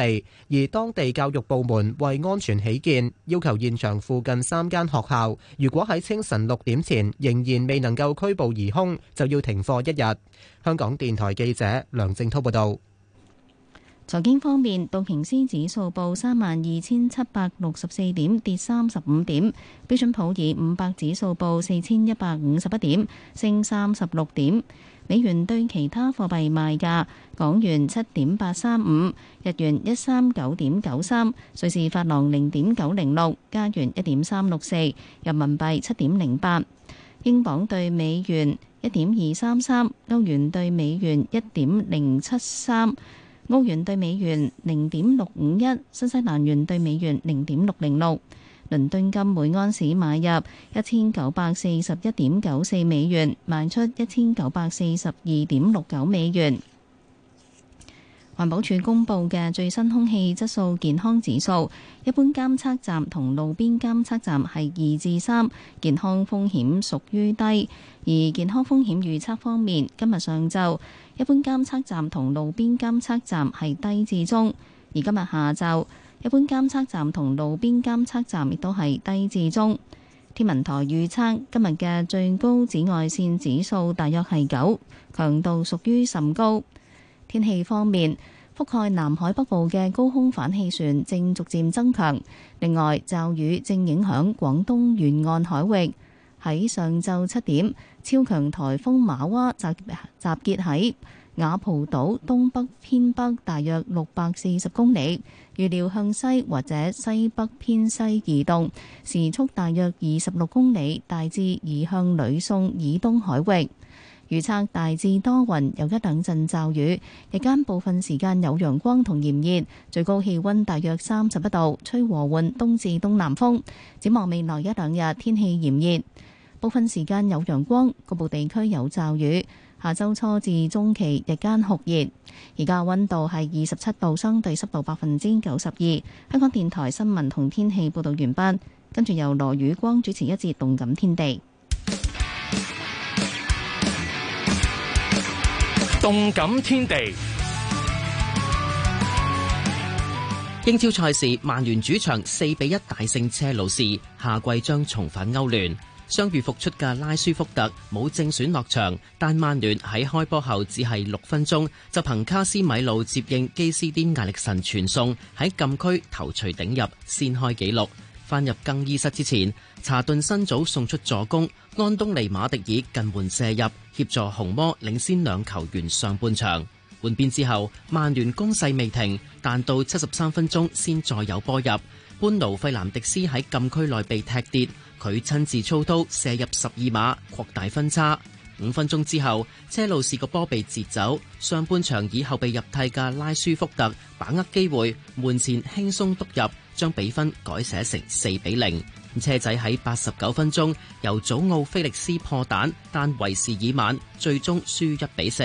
而當地教育部門為安全起見，要求現場附近三間學校，如果喺清晨六點前仍然未能夠拘捕疑兇，就要停課一日。香港電台記者梁正滔報道。財經方面，道瓊斯指數報三萬二千七百六十四點，跌三十五點；標準普爾五百指數報四千一百五十一點，升三十六點。美元對其他貨幣賣價：港元七點八三五，日元一三九點九三，瑞士法郎零點九零六，加元一點三六四，人民幣七點零八，英鎊對美元一點二三三，歐元對美元一點零七三，澳元對美元零點六五一，新西蘭元對美元零點六零六。倫敦金每安士買入一千九百四十一點九四美元，賣出一千九百四十二點六九美元。環保署公布嘅最新空氣質素健康指數，一般監測站同路邊監測站係二至三，健康風險屬於低。而健康風險預測方面，今日上晝，一般監測站同路邊監測站係低至中，而今日下晝，一般監測站同路邊監測站亦都係低至中。天文台預測今日嘅最高紫外線指數大約係九，強度屬於甚高。天氣方面，覆蓋南海北部嘅高空反氣旋正逐漸增強，另外驟雨正影響廣東沿岸海域。喺上晝七點，超強颱風瑪娃集集結喺雅浦島東北偏北大約六百四十公里，預料向西或者西北偏西移動，時速大約二十六公里，大致移向呂宋以東海域。預測大致多雲，有一兩陣驟雨，日間部分時間有陽光同炎熱，最高氣温大約三十一度，吹和緩東至東南風。展望未來一兩日天氣炎熱，部分時間有陽光，局部地區有驟雨。下周初至中期日間酷熱，而家溫度係二十七度，相對濕度百分之九十二。香港電台新聞同天氣報道完畢，跟住由羅宇光主持一節動感天地。動感天地。天地英超賽事，曼聯主場四比一大勝車路士，夏季將重返歐聯。傷愈復出嘅拉舒福特冇正選落場，但曼聯喺開波後只係六分鐘就憑卡斯米路接應基斯甸艾力神傳送喺禁區頭槌頂入，先開紀錄。返入更衣室之前，查頓新組送出助攻，安東尼馬迪爾近門射入，協助紅魔領先兩球。完上半場換邊之後，曼聯攻勢未停，但到七十三分鐘先再有波入，般奴費南迪斯喺禁區內被踢跌。佢親自操刀射入十二碼，擴大分差。五分鐘之後，車路士個波被截走。上半場以後被入替嘅拉舒福特把握機會，門前輕鬆篤入，將比分改寫成四比零。車仔喺八十九分鐘由祖奧菲力斯破蛋，但為時已晚。最終輸一比四。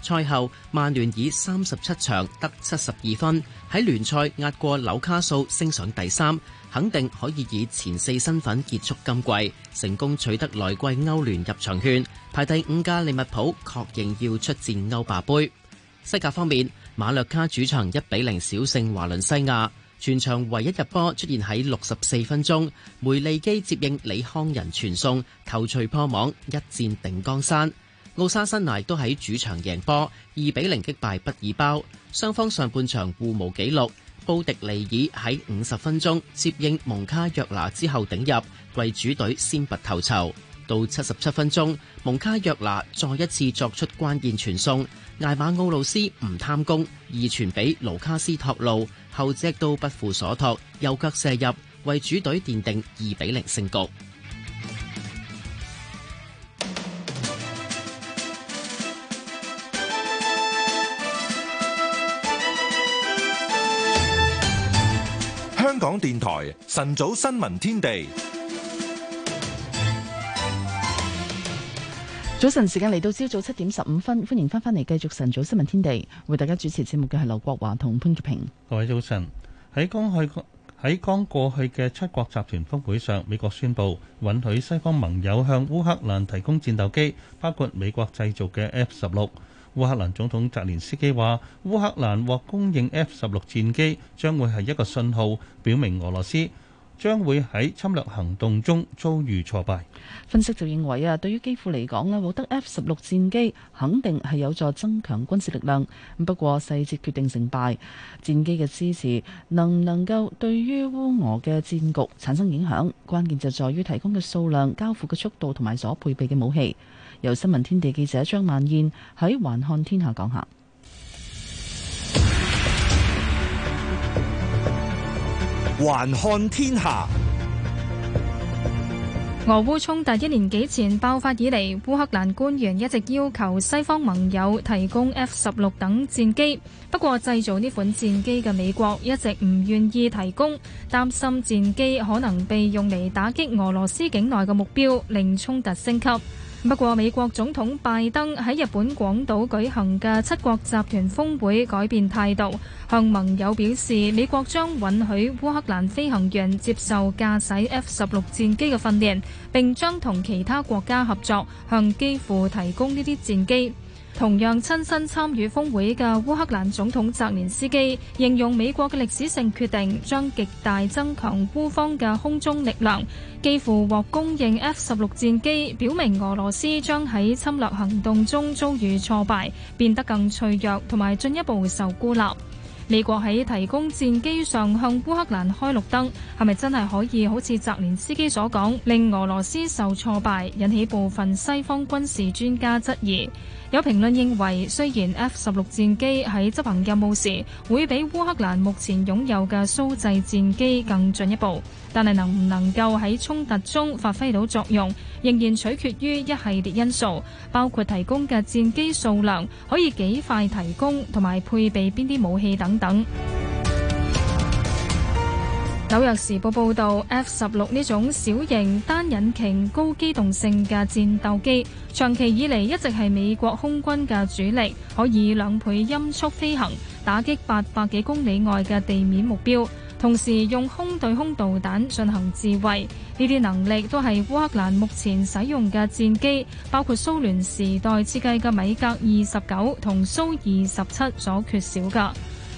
賽後，曼聯以三十七場得七十二分，喺聯賽壓過紐卡素，升上第三。肯定可以以前四身份結束今季，成功取得來季歐聯入場券。排第五嘅利物浦確認要出戰歐霸杯。西甲方面，馬略卡主場一比零小勝華倫西亞，全場唯一入波出現喺六十四分鐘，梅利基接應李康仁傳送，頭槌破網，一戰定江山。奧沙辛尼都喺主場贏波二比零擊敗畢爾包，雙方上半場互無紀錄。布迪尼爾喺五十分鐘接應蒙卡若拿之後頂入，為主隊先拔頭籌。到七十七分鐘，蒙卡若拿再一次作出關鍵傳送，艾馬奧路斯唔貪功，移傳俾盧卡斯托路，後者都不負所託，右腳射入，為主隊奠定二比零勝局。香港電台晨早新聞天地，早晨時間嚟到，朝早七點十五分，歡迎翻翻嚟繼續晨早新聞天地。為大家主持節目嘅係劉國華同潘潔平。各位早晨，喺剛去喺剛過去嘅七國集團峰會上，美國宣布允許西方盟友向烏克蘭提供戰鬥機，包括美國製造嘅 F 十六。烏克蘭總統澤連斯基話：烏克蘭獲供應 F 十六戰機，將會係一個信號，表明俄羅斯將會喺侵略行動中遭遇挫敗。分析就認為啊，對於基輔嚟講咧，獲得 F 十六戰機肯定係有助增強軍事力量。不過細節決定成敗，戰機嘅支持能唔能夠對於烏俄嘅戰局產生影響，關鍵就在於提供嘅數量、交付嘅速度同埋所配備嘅武器。由新聞天地記者張萬燕喺《環看天下》講下，《環看天下》俄烏衝突一年幾前爆發以嚟，烏克蘭官員一直要求西方盟友提供 F 十六等戰機。不過，製造呢款戰機嘅美國一直唔願意提供，擔心戰機可能被用嚟打擊俄羅斯境內嘅目標，令衝突升級。不過，美國總統拜登喺日本廣島舉行嘅七國集團峰會改變態度，向盟友表示美國將允許烏克蘭飛行員接受駕駛 F 十六戰機嘅訓練，並將同其他國家合作，向基輔提供呢啲戰機。同樣親身參與峰會嘅烏克蘭總統澤連斯基形容美國嘅歷史性決定將極大增強烏方嘅空中力量，幾乎獲供應 F 十六戰機，表明俄羅斯將喺侵略行動中遭遇挫敗，變得更脆弱同埋進一步受孤立。美國喺提供戰機上向烏克蘭開綠燈，係咪真係可以好似澤連斯基所講，令俄羅斯受挫敗，引起部分西方軍事專家質疑？有評論認為，雖然 F 十六戰機喺執行任務時會比烏克蘭目前擁有嘅蘇製戰機更進一步。但係能唔能夠喺衝突中發揮到作用，仍然取決於一系列因素，包括提供嘅戰機數量、可以幾快提供，同埋配備邊啲武器等等。紐約時報報導，F 十六呢種小型單引擎高機動性嘅戰鬥機，長期以嚟一直係美國空軍嘅主力，可以兩倍音速飛行，打擊八百幾公里外嘅地面目標。同時用空對空導彈進行自衛，呢啲能力都係烏克蘭目前使用嘅戰機，包括蘇聯時代設計嘅米格二十九同蘇二十七所缺少㗎。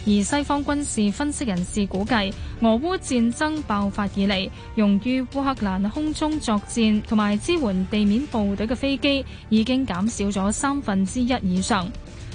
而西方軍事分析人士估計，俄烏戰爭爆發以嚟，用於烏克蘭空中作戰同埋支援地面部隊嘅飛機，已經減少咗三分之一以上。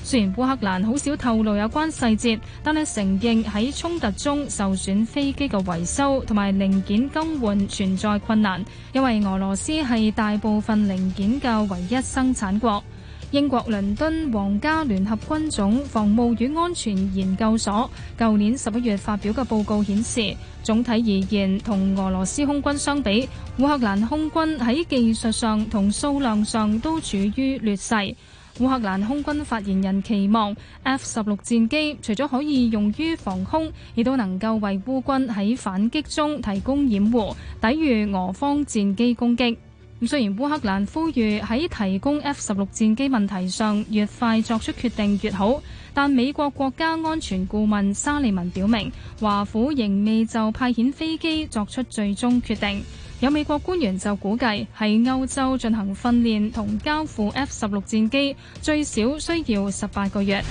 雖然烏克蘭好少透露有關細節，但係承認喺衝突中受損飛機嘅維修同埋零件更換存在困難，因為俄羅斯係大部分零件嘅唯一生產國。英國倫敦皇家聯合軍種防務與安全研究所舊年十一月發表嘅報告顯示，總體而言，同俄羅斯空軍相比，烏克蘭空軍喺技術上同數量上都處於劣勢。烏克蘭空軍發言人期望 F 十六戰機除咗可以用於防空，亦都能夠為烏軍喺反擊中提供掩護，抵禦俄方戰機攻擊。咁雖然烏克蘭呼籲喺提供 F 十六戰機問題上越快作出決定越好，但美國國家安全顧問沙利文表明，華府仍未就派遣飛機作出最終決定。有美國官員就估計，喺歐洲進行訓練同交付 F 十六戰機最少需要十八個月。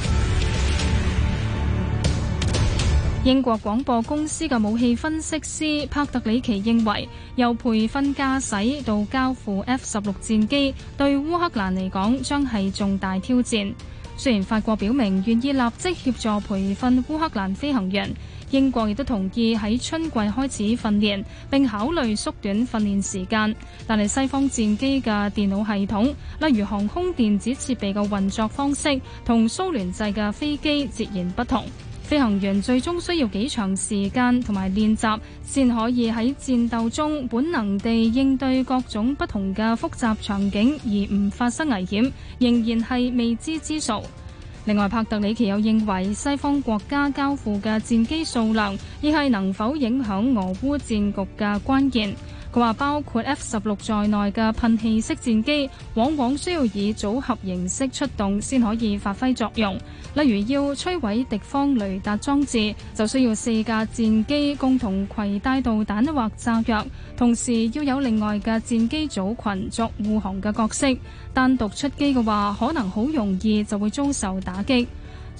英國廣播公司嘅武器分析師帕特里奇認為，由培訓駕駛到交付 F 十六戰機，對烏克蘭嚟講將係重大挑戰。雖然法國表明願意立即協助培訓烏克蘭飛行員。英國亦都同意喺春季開始訓練，並考慮縮短訓練時間。但係西方戰機嘅電腦系統，例如航空電子設備嘅運作方式，同蘇聯製嘅飛機截然不同。飛行員最終需要幾長時間同埋練習，先可以喺戰鬥中本能地應對各種不同嘅複雜場景，而唔發生危險，仍然係未知之數。另外，帕特里奇又認為西方國家交付嘅戰機數量，亦係能否影響俄烏戰局嘅關鍵。佢話：包括 F 十六在內嘅噴氣式戰機，往往需要以組合形式出動先可以發揮作用。例如要摧毀敵方雷達裝置，就需要四架戰機共同攜帶導彈或炸藥，同時要有另外嘅戰機組群作護航嘅角色。單獨出機嘅話，可能好容易就會遭受打擊。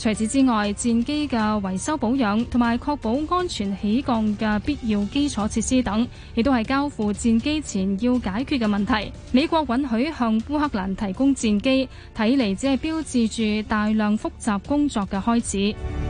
除此之外，戰機嘅維修保養同埋確保安全起降嘅必要基礎設施等，亦都係交付戰機前要解決嘅問題。美國允許向烏克蘭提供戰機，睇嚟只係標誌住大量複雜工作嘅開始。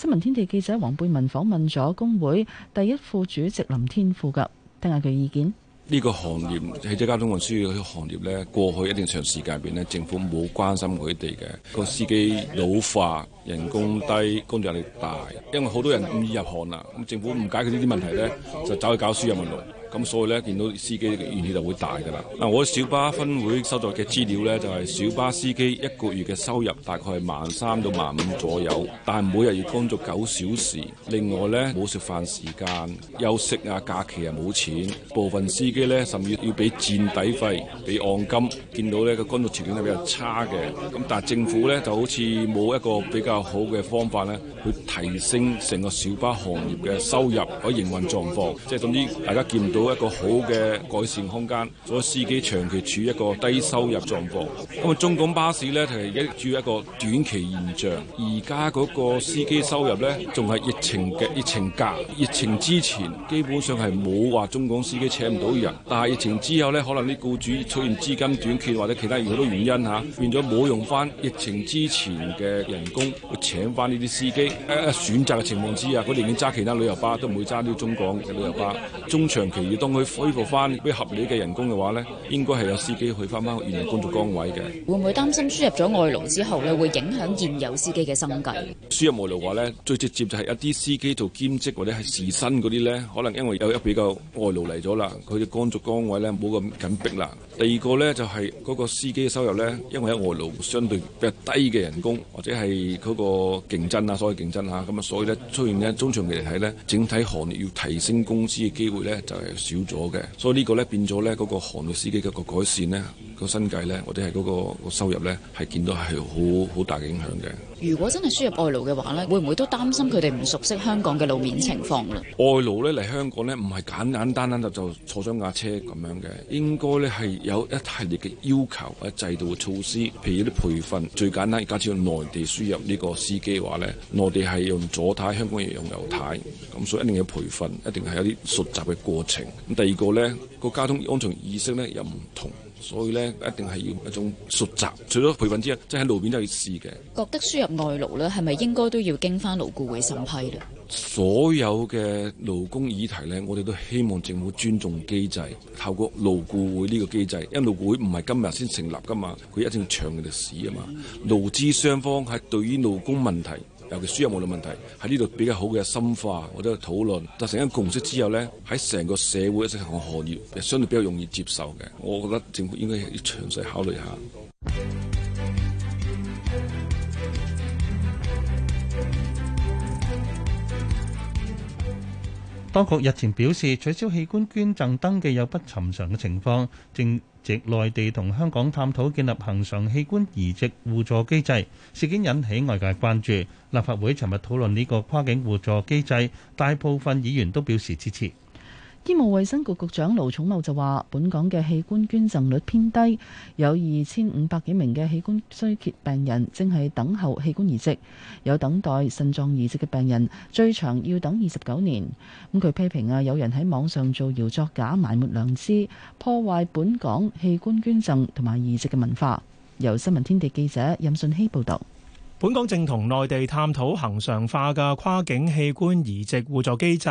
新聞天地記者黃貝文訪問咗工會第一副主席林天富噶，聽下佢意見。呢個行業，汽車交通運輸嘅行業咧，過去一段長時間入邊咧，政府冇關心佢哋嘅，個司機老化，人工低，工作壓力大，因為好多人唔意入行啦，咁政府唔解決呢啲問題咧，就走去搞輸入民勞。咁所以咧，見到啲司機怨氣就會大㗎啦。嗱、啊，我小巴分會收到嘅資料咧，就係、是、小巴司機一個月嘅收入大概係萬三到萬五左右，但係每日要工作九小時，另外咧冇食飯時間，休息啊、假期啊冇錢，部分司機咧甚至要俾墊底費俾按金，見到咧個工作條件係比較差嘅。咁但係政府咧就好似冇一個比較好嘅方法咧，去提升成個小巴行業嘅收入同營運狀況，即係總之大家見到。到一個好嘅改善空間，所以司機長期處於一個低收入狀況。咁啊，中港巴士咧就係而家處一個短期現象。而家嗰個司機收入咧，仲係疫情嘅疫情價。疫情之前基本上係冇話中港司機請唔到人，但係疫情之後咧，可能啲雇主出現資金短缺或者其他好多原因吓、啊，變咗冇用翻疫情之前嘅人工去請翻呢啲司機。一、啊、選擇嘅情況之下，佢寧願揸其他旅遊巴，都唔會揸呢啲中港嘅旅遊巴。中長期。而當佢恢復翻啲合理嘅人工嘅話呢，應該係有司機去翻翻原來工作崗位嘅。會唔會擔心輸入咗外勞之後呢，會影響現有司機嘅生計？輸入外勞話呢，最直接就係一啲司機做兼職或者係時薪嗰啲呢，可能因為有一比較外勞嚟咗啦，佢嘅工作崗位呢冇咁緊逼啦。第二個呢，就係、是、嗰個司機嘅收入呢，因為喺外勞相對比較低嘅人工，或者係嗰個競爭啊，所謂競爭嚇咁啊，所以呢，出現呢中長期嚟睇呢，整體行業要提升工資嘅機會呢，就係、是。少咗嘅，所以呢個咧變咗咧，嗰個韓國司機嘅個改善呢個新計咧，或者係嗰個收入咧，係見到係好好大影響嘅。如果真係輸入外勞嘅話咧，會唔會都擔心佢哋唔熟悉香港嘅路面情況？外勞咧嚟香港咧，唔係簡簡單單，就坐咗架車咁樣嘅，應該咧係有一系列嘅要求或制度嘅措施，譬如啲培訓。最簡單，假設內地輸入呢個司機嘅話咧，內地係用左軚，香港係用右軚，咁所以一定要培訓，一定係有啲熟習嘅過程。咁第二個呢個交通安全意識呢又唔同，所以呢一定係要一種熟習，除咗培訓之外，即係喺路邊都要試嘅。覺得輸入外勞呢係咪應該都要經翻勞顧會審批咧？所有嘅勞工議題呢，我哋都希望政府尊重機制，透過勞顧會呢個機制，因為勞顧會唔係今日先成立噶嘛，佢一段長嘅歷史啊嘛。勞資雙方喺對於勞工問題。尤其輸入無論問題喺呢度比較好嘅深化或者討論，達成一個共識之後呢，喺成個社會一啲行行業相對比較容易接受嘅。我覺得政府應該要詳細考慮下。當局日前表示取消器官捐贈登，登記有不尋常嘅情況，正值內地同香港探討建立恒常器官移植互助機制事件，引起外界關注。立法會尋日討論呢個跨境互助機制，大部分議員都表示支持。醫務衛生局局長盧寵茂就話，本港嘅器官捐贈率偏低，有二千五百幾名嘅器官衰竭病人正係等候器官移植，有等待腎臟移植嘅病人，最長要等二十九年。咁佢批評啊，有人喺網上造謠作假，埋沒良知，破壞本港器官捐贈同埋移植嘅文化。由新聞天地記者任信希報導。本港正同內地探討恒常化嘅跨境器官移植互助機制。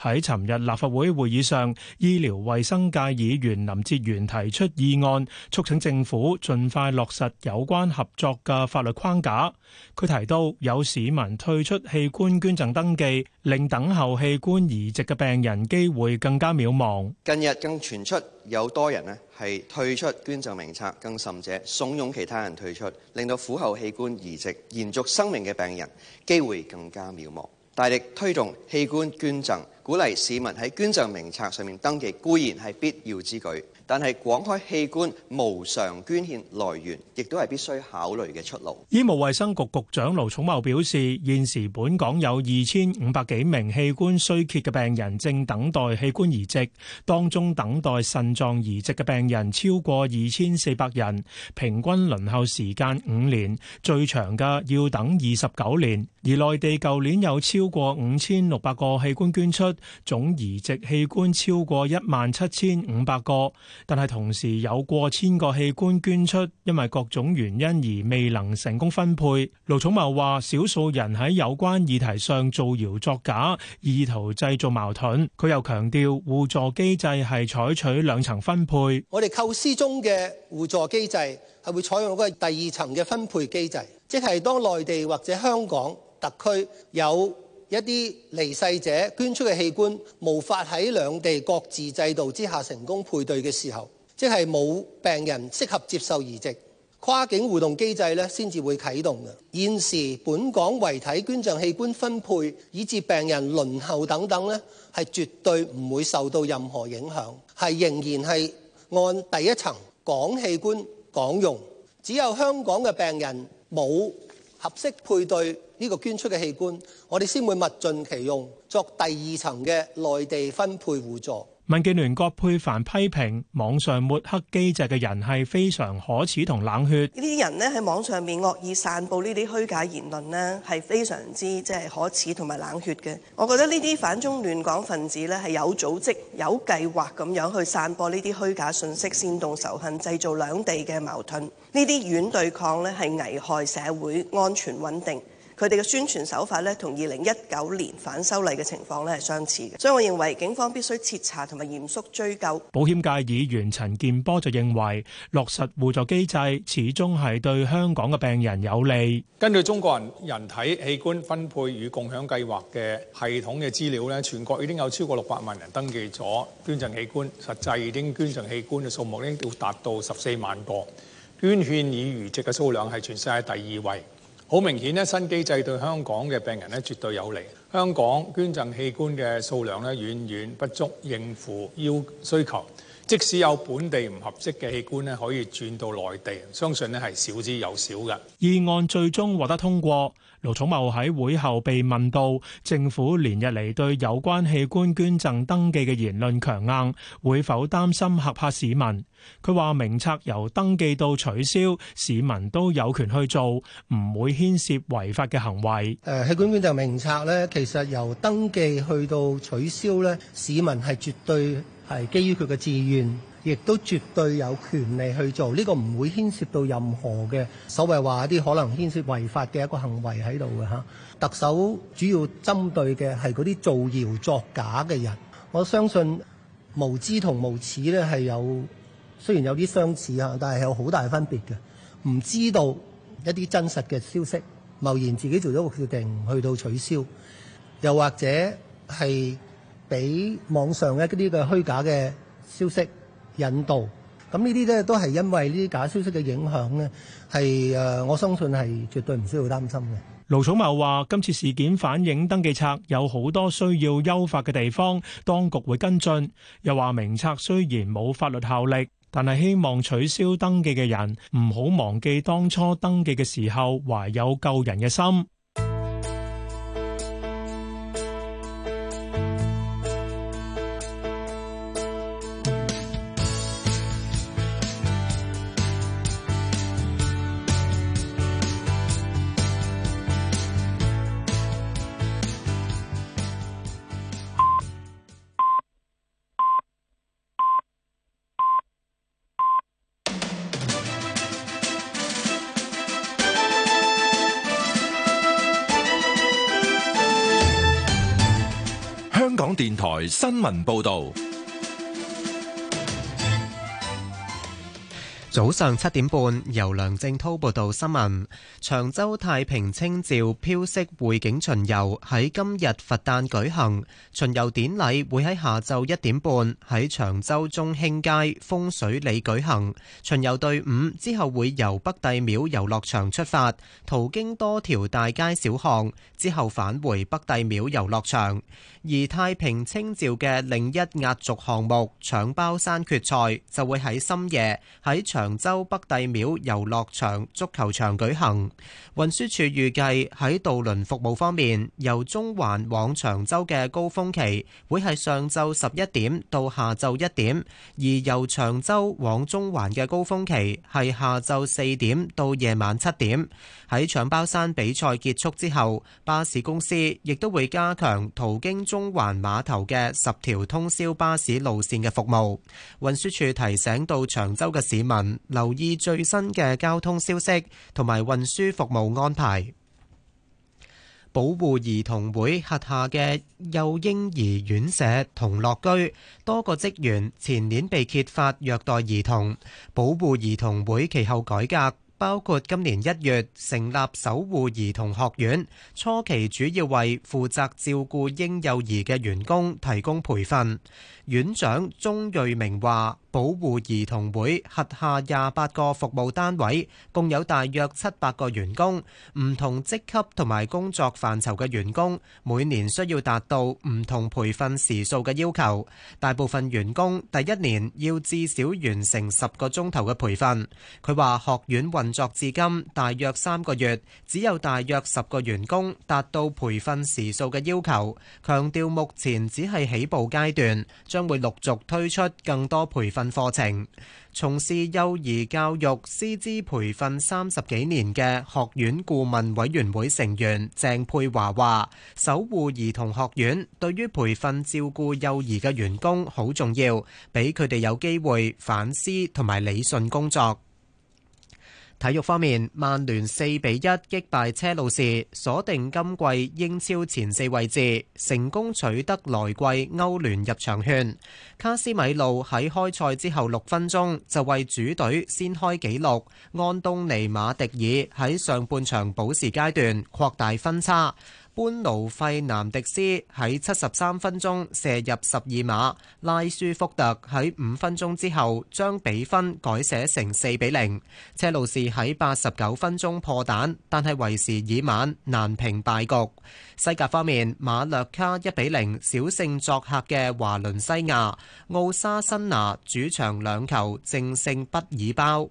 喺尋日立法會會議上，醫療衛生界議員林哲源提出議案，促請政府盡快落實有關合作嘅法律框架。佢提到有市民退出器官捐贈登記。令等候器官移植嘅病人機會更加渺茫。近日更傳出有多人咧係退出捐贈名冊，更甚者慫恿其他人退出，令到苦候器官移植延續生命嘅病人機會更加渺茫。大力推動器官捐贈，鼓勵市民喺捐贈名冊上面登記，固然係必要之舉。但係廣開器官無償捐獻來源，亦都係必須考慮嘅出路。醫務衛生局局長盧寵茂表示，現時本港有二千五百幾名器官衰竭嘅病人正等待器官移植，當中等待腎臟移植嘅病人超過二千四百人，平均輪候時間五年，最長嘅要等二十九年。而內地舊年有超過五千六百個器官捐出，總移植器官超過一萬七千五百個。但係同時有過千個器官捐出，因為各種原因而未能成功分配。盧寵茂話，少數人喺有關議題上造謠作假，意圖製造矛盾。佢又強調，互助機制係採取兩層分配。我哋構思中嘅互助機制係會採用嗰個第二層嘅分配機制，即係當內地或者香港特區有一啲離世者捐出嘅器官，無法喺兩地各自制度之下成功配對嘅時候，即係冇病人適合接受移植，跨境互動機制咧先至會啟動嘅。現時本港遺體捐贈器官分配，以至病人輪候等等咧，係絕對唔會受到任何影響，係仍然係按第一層港器官港用，只有香港嘅病人冇合適配對。呢個捐出嘅器官，我哋先會物盡其用，作第二層嘅內地分配互助。民建聯葛珮帆批評網上抹黑機制嘅人係非常可恥同冷血。呢啲人咧，喺網上面惡意散佈呢啲虛假言論呢，係非常之即係可恥同埋冷血嘅。我覺得呢啲反中亂港分子咧，係有組織有計劃咁樣去散播呢啲虛假信息，煽動仇恨，製造兩地嘅矛盾。呢啲軟對抗咧，係危害社會安全穩定。佢哋嘅宣傳手法咧，同二零一九年反修例嘅情況咧係相似嘅，所以我認為警方必須徹查同埋嚴肅追究。保險界議員陳健波就認為落實互助機制始終，係對香港嘅病人有利。根據中國人人體器官分配與共享計劃嘅系統嘅資料咧，全國已經有超過六百萬人登記咗捐贈器官，實際已經捐贈器官嘅數目已經達到十四萬個，捐獻與移植嘅數量係全世界第二位。好明顯咧，新機制對香港嘅病人咧絕對有利。香港捐贈器官嘅數量咧，遠遠不足應付要需求。即使有本地唔合適嘅器官呢，可以轉到內地，相信呢係少之又少嘅。議案最終獲得通過。盧寵茂喺會後被問到，政府連日嚟對有關器官捐贈登記嘅言論強硬，會否擔心嚇怕市民？佢話名冊由登記到取消，市民都有權去做，唔會牽涉違法嘅行為。誒、呃，器官捐贈名冊呢，其實由登記去到取消呢，市民係絕對係基於佢嘅志願，亦都絕對有權利去做。呢個唔會牽涉到任何嘅所謂話一啲可能牽涉違法嘅一個行為喺度嘅嚇。特首主要針對嘅係嗰啲造謠作假嘅人。我相信無知同無恥呢係有雖然有啲相似嚇，但係有好大分別嘅。唔知道一啲真實嘅消息，貿然自己做咗個決定去到取消，又或者係。俾網上一啲嘅虛假嘅消息引導，咁呢啲咧都係因為呢啲假消息嘅影響呢，係誒，我相信係絕對唔需要擔心嘅。盧寵茂話：今次事件反映登記冊有好多需要優化嘅地方，當局會跟進。又話名冊雖然冇法律效力，但係希望取消登記嘅人唔好忘記當初登記嘅時候懷有救人嘅心。台新聞報導。早上七點半，由梁正濤報道新聞。長洲太平清醮飄色會景巡遊喺今日佛誕舉行，巡遊典禮會喺下晝一點半喺長洲中興街風水里舉行。巡遊隊伍之後會由北帝廟遊樂場出發，途經多條大街小巷，之後返回北帝廟遊樂場。而太平清醮嘅另一壓軸項目搶包山決賽就會喺深夜喺長。長洲北帝廟遊樂場足球場舉行。運輸署預計喺渡輪服務方面，由中環往長洲嘅高峰期會係上晝十一點到下晝一點，而由長洲往中環嘅高峰期係下晝四點到夜晚七點。喺搶包山比賽結束之後，巴士公司亦都會加強途經中環碼頭嘅十條通宵巴士路線嘅服務。運輸署提醒到長洲嘅市民留意最新嘅交通消息同埋運輸服務安排。保護兒童會轄下嘅幼嬰兒院舍同樂居多個職員前年被揭發虐待兒童，保護兒童會其後改革。包括今年一月成立守護兒童學院，初期主要為負責照顧嬰幼兒嘅員工提供培訓。院長鍾瑞明話。保護兒童會轄下廿八個服務單位，共有大約七百個員工。唔同職級同埋工作範疇嘅員工，每年需要達到唔同培訓時數嘅要求。大部分員工第一年要至少完成十個鐘頭嘅培訓。佢話學院運作至今大約三個月，只有大約十個員工達到培訓時數嘅要求。強調目前只係起步階段，將會陸續推出更多培訓。課程，從事幼兒教育師資培訓三十幾年嘅學院顧問委員會成員鄭佩華話：守護兒童學院對於培訓照顧幼兒嘅員工好重要，俾佢哋有機會反思同埋理順工作。體育方面，曼聯四比一擊敗車路士，鎖定今季英超前四位置，成功取得來季歐聯入場券。卡斯米路喺開賽之後六分鐘就為主隊先開紀錄，安東尼馬迪爾喺上半場補時階段擴大分差。班奴費南迪斯喺七十三分鐘射入十二碼，拉舒福特喺五分鐘之後將比分改寫成四比零。車路士喺八十九分鐘破蛋，但係為時已晚，難平敗局。西甲方面，馬略卡一比零小勝作客嘅華倫西亞，奧沙辛拿主場兩球淨勝畢爾包。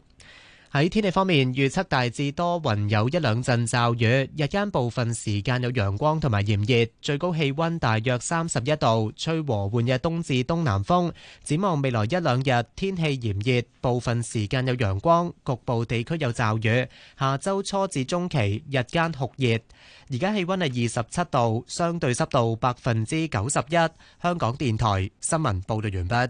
喺天氣方面，預測大致多雲，有一兩陣驟雨，日間部分時間有陽光同埋炎熱，最高氣溫大約三十一度，吹和緩嘅東至東南風。展望未來一兩日，天氣炎熱，部分時間有陽光，局部地區有驟雨。下周初至中期，日間酷熱。而家氣温係二十七度，相對濕度百分之九十一。香港電台新聞報道完畢。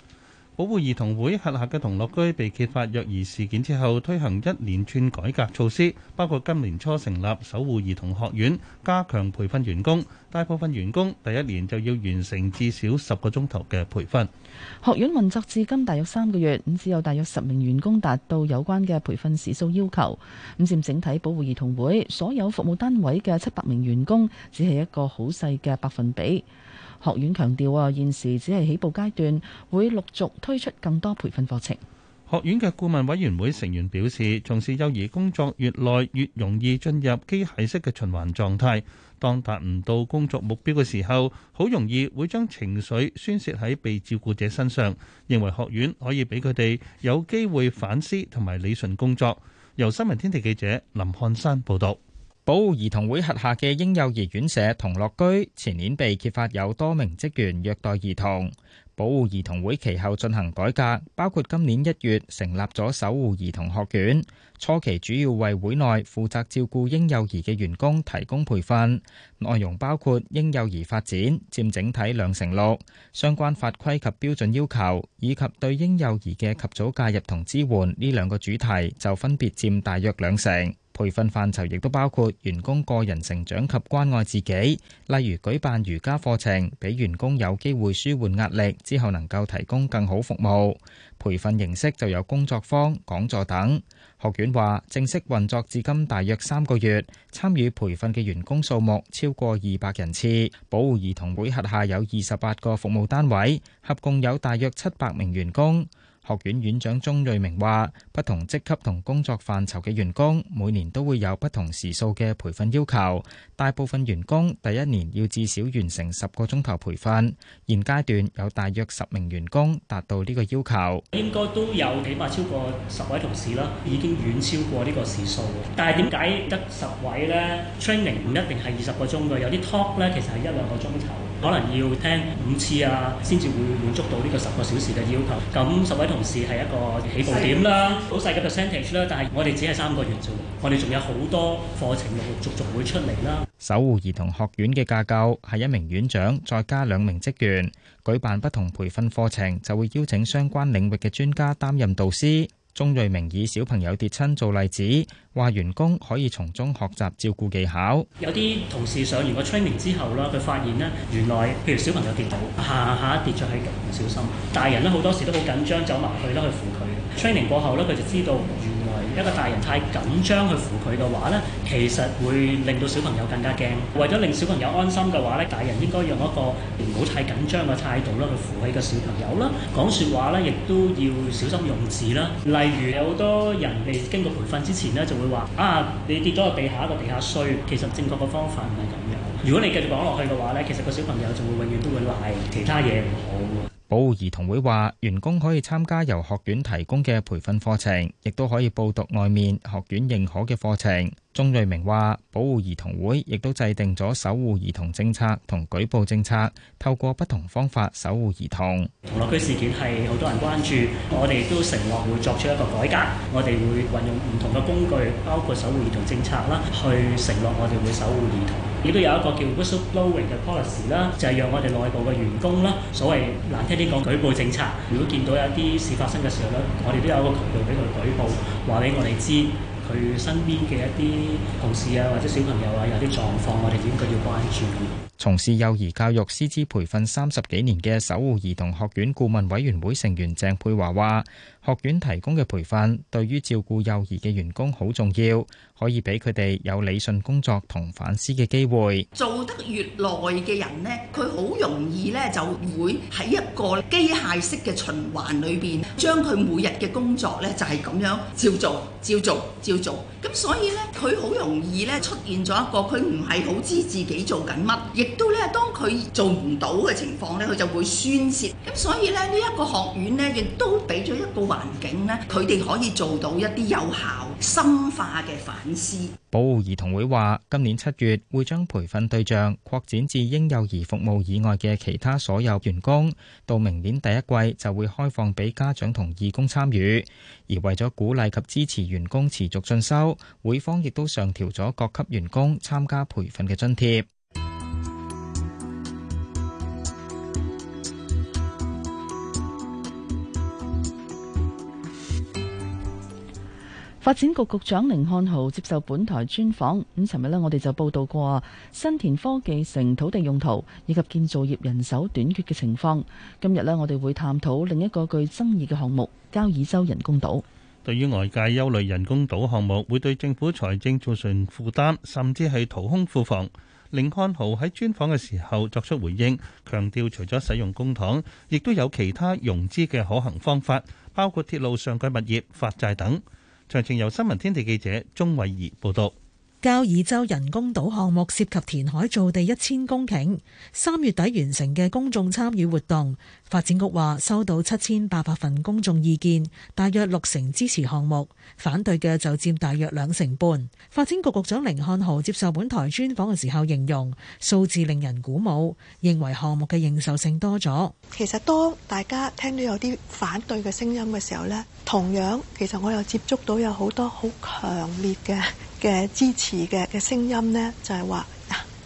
保護兒童會轄下嘅童樂居被揭發虐兒事件之後，推行一連串改革措施，包括今年初成立守護兒童學院，加強培訓員工。大部分員工第一年就要完成至少十個鐘頭嘅培訓。學院運作至今大約三個月，咁只有大約十名員工達到有關嘅培訓時數要求。咁佔整體保護兒童會所有服務單位嘅七百名員工，只係一個好細嘅百分比。學院強調啊，現時只係起步階段，會陸續推出更多培訓課程。學院嘅顧問委員會成員表示，從事幼兒工作越耐越容易進入機械式嘅循環狀態，當達唔到工作目標嘅時候，好容易會將情緒宣泄喺被照顧者身上。認為學院可以俾佢哋有機會反思同埋理順工作。由新聞天地記者林漢山報導。保護兒童會轄下嘅嬰幼兒院舍同樂居，前年被揭發有多名職員虐待兒童。保護兒童會其後進行改革，包括今年一月成立咗守護兒童學院，初期主要為會內負責照顧嬰幼兒嘅員工提供培訓，內容包括嬰幼兒發展，佔整體兩成六；相關法規及標準要求，以及對嬰幼兒嘅及早介入同支援呢兩個主題，就分別佔大約兩成。培訓範疇亦都包括員工個人成長及關愛自己，例如舉辦瑜伽課程，俾員工有機會舒緩壓力，之後能夠提供更好服務。培訓形式就有工作坊、講座等。學院話，正式運作至今大約三個月，參與培訓嘅員工數目超過二百人次。保護兒童會轄下有二十八個服務單位，合共有大約七百名員工。學院院長鐘瑞明話，不同職級同工作範疇嘅員工，每年都會有不同時數嘅培訓要求。大部分員工第一年要至少完成十個鐘頭培訓，現階段有大約十名員工達到呢個要求。應該都有幾百超過十位同事啦，已經遠超過呢個時數。但係點解得十位呢？Training 唔一定係二十個鐘嘅，有啲 talk 咧其實係一兩個鐘頭，可能要聽五次啊，先至會滿足到呢個十個小時嘅要求。咁十位。同時係一個起步點啦，好細嘅 percentage 啦，但係我哋只係三個月啫，我哋仲有好多課程陸陸續續會出嚟啦。守護兒童學院嘅架構係一名院長，再加兩名職員，舉辦不同培訓課程就會邀請相關領域嘅專家擔任導師。鍾瑞明以小朋友跌親做例子，話員工可以從中學習照顧技巧。有啲同事上完個 training 之後呢，佢發現呢，原來，譬如小朋友跌倒，下下跌咗係唔小心，大人咧，好多時都好緊張，走埋去啦，去扶佢。training 過後咧，佢就知道一個大人太緊張去扶佢嘅話呢，其實會令到小朋友更加驚。為咗令小朋友安心嘅話呢，大人應該用一個唔好太緊張嘅態度啦，去扶起個小朋友啦。講説話呢，亦都要小心用字啦。例如有好多人未經過培訓之前呢，就會話：啊，你跌咗個地下個地下碎。其實正確嘅方法唔係咁樣。如果你繼續講落去嘅話呢，其實個小朋友就會永遠都會賴其他嘢唔好。保護兒童會話，員工可以參加由學院提供嘅培訓課程，亦都可以報讀外面學院認可嘅課程。鍾瑞明話，保護兒童會亦都制定咗守護兒童政策同舉報政策，透過不同方法守護兒童。童樂居事件係好多人關注，我哋都承諾會作出一個改革，我哋會運用唔同嘅工具，包括守護兒童政策啦，去承諾我哋會守護兒童。亦都有一個叫 whistleblowing 嘅 policy 啦，就係讓我哋內部嘅員工啦，所謂難聽啲講舉報政策，如果見到有啲事發生嘅時候咧，我哋都有一個渠道俾佢舉報，話俾我哋知。佢身邊嘅一啲同事啊，或者小朋友啊，有啲狀況，我哋應該要關注。從事幼兒教育師資培訓三十幾年嘅守護兒童學院顧問委員會成員鄭佩華話：學院提供嘅培訓對於照顧幼兒嘅員工好重要，可以俾佢哋有理順工作同反思嘅機會。做得越耐嘅人咧，佢好容易咧就會喺一個機械式嘅循環裏邊，將佢每日嘅工作咧就係咁樣照做、照做、照做。咁所以咧，佢好容易咧出現咗一個佢唔係好知自己做緊乜，亦。亦都咧，當佢做唔到嘅情況咧，佢就會宣洩。咁所以咧，呢一個學院咧，亦都俾咗一個環境咧，佢哋可以做到一啲有效深化嘅反思。保護兒童會話今年七月會將培訓對象擴展至嬰幼兒服務以外嘅其他所有員工，到明年第一季就會開放俾家長同義工參與。而為咗鼓勵及支持員工持續進修，會方亦都上調咗各級員工參加培訓嘅津貼。發展局局長甯漢豪接受本台專訪。咁，尋日咧，我哋就報道過新田科技城土地用途以及建造業人手短缺嘅情況。今日咧，我哋會探討另一個具爭議嘅項目——交椅洲人工島。對於外界憂慮人工島項目會對政府財政造成負擔，甚至係掏空庫房，甯漢豪喺專訪嘅時候作出回應，強調除咗使用公帑，亦都有其他融資嘅可行方法，包括鐵路上嘅物業發債等。詳情由新聞天地記者鍾偉儀報道。交椅洲人工島項目涉及填海造地一千公頃，三月底完成嘅公眾參與活動。發展局話收到七千八百份公眾意見，大約六成支持項目，反對嘅就佔大約兩成半。發展局局長甯漢豪接受本台專訪嘅時候形容數字令人鼓舞，認為項目嘅認受性多咗。其實當大家聽到有啲反對嘅聲音嘅時候呢，同樣其實我又接觸到有好多好強烈嘅、嘅支持嘅、嘅聲音呢，就係話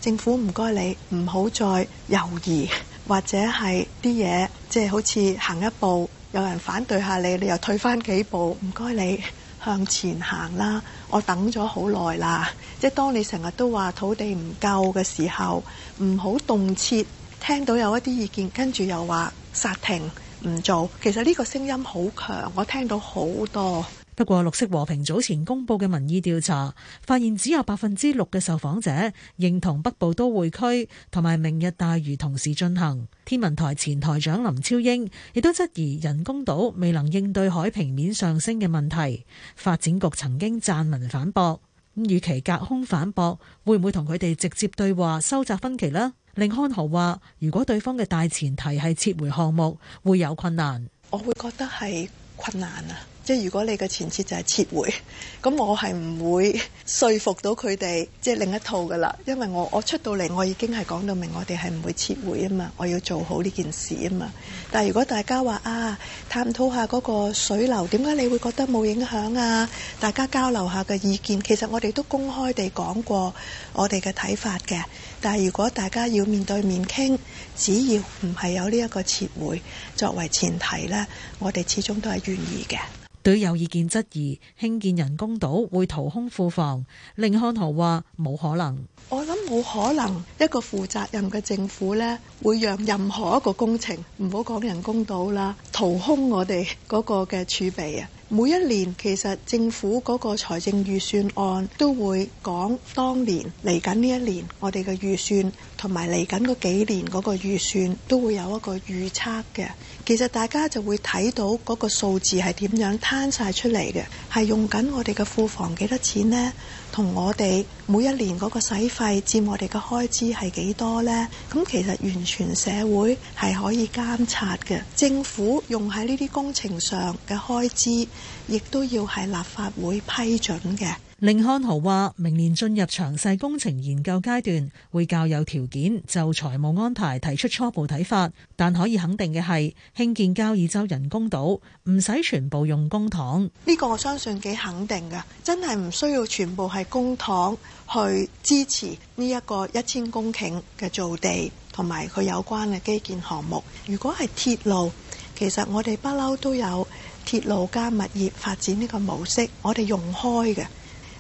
政府唔該你唔好再猶豫。或者係啲嘢，即係好似行一步，有人反對下你，你又退翻幾步，唔該你向前行啦。我等咗好耐啦，即係當你成日都話土地唔夠嘅時候，唔好動輒聽到有一啲意見，跟住又話殺停唔做。其實呢個聲音好強，我聽到好多。不過，綠色和平早前公布嘅民意調查，發現只有百分之六嘅受訪者認同北部都會區同埋明日大嶼同時進行。天文台前台長林超英亦都質疑人工島未能應對海平面上升嘅問題。發展局曾經撰文反駁，咁，與其隔空反駁，會唔會同佢哋直接對話收窄分歧呢？甯漢豪話：如果對方嘅大前提係撤回項目，會有困難。我會覺得係困難啊！即係如果你嘅前設就係撤回，咁我係唔會說服到佢哋即係另一套噶啦。因為我我出到嚟，我已經係講到明，我哋係唔會撤回啊嘛。我要做好呢件事啊嘛。但係如果大家話啊，探討下嗰個水流點解你會覺得冇影響啊？大家交流下嘅意見，其實我哋都公開地講過我哋嘅睇法嘅。但係如果大家要面對面傾，只要唔係有呢一個撤回作為前提咧，我哋始終都係願意嘅。對有意見質疑興建人工島會掏空庫房，令漢豪話冇可能。我諗冇可能，一個負責任嘅政府呢，會讓任何一個工程唔好講人工島啦，掏空我哋嗰個嘅儲備啊。每一年，其實政府嗰個財政預算案都會講當年嚟緊呢一年，我哋嘅預算同埋嚟緊嗰幾年嗰個預算都會有一個預測嘅。其實大家就會睇到嗰個數字係點樣攤晒出嚟嘅，係用緊我哋嘅庫房幾多錢呢？同我哋每一年嗰個使費佔我哋嘅開支係幾多咧？咁其實完全社會係可以監察嘅，政府用喺呢啲工程上嘅開支，亦都要係立法會批准嘅。甯漢豪話：明年進入詳細工程研究階段，會較有條件就財務安排提出初步睇法。但可以肯定嘅係，興建交椅洲人工島唔使全部用公帑，呢個我相信幾肯定嘅。真係唔需要全部係公帑去支持呢一個一千公頃嘅造地同埋佢有關嘅基建項目。如果係鐵路，其實我哋不嬲都有鐵路加物業發展呢個模式，我哋用開嘅。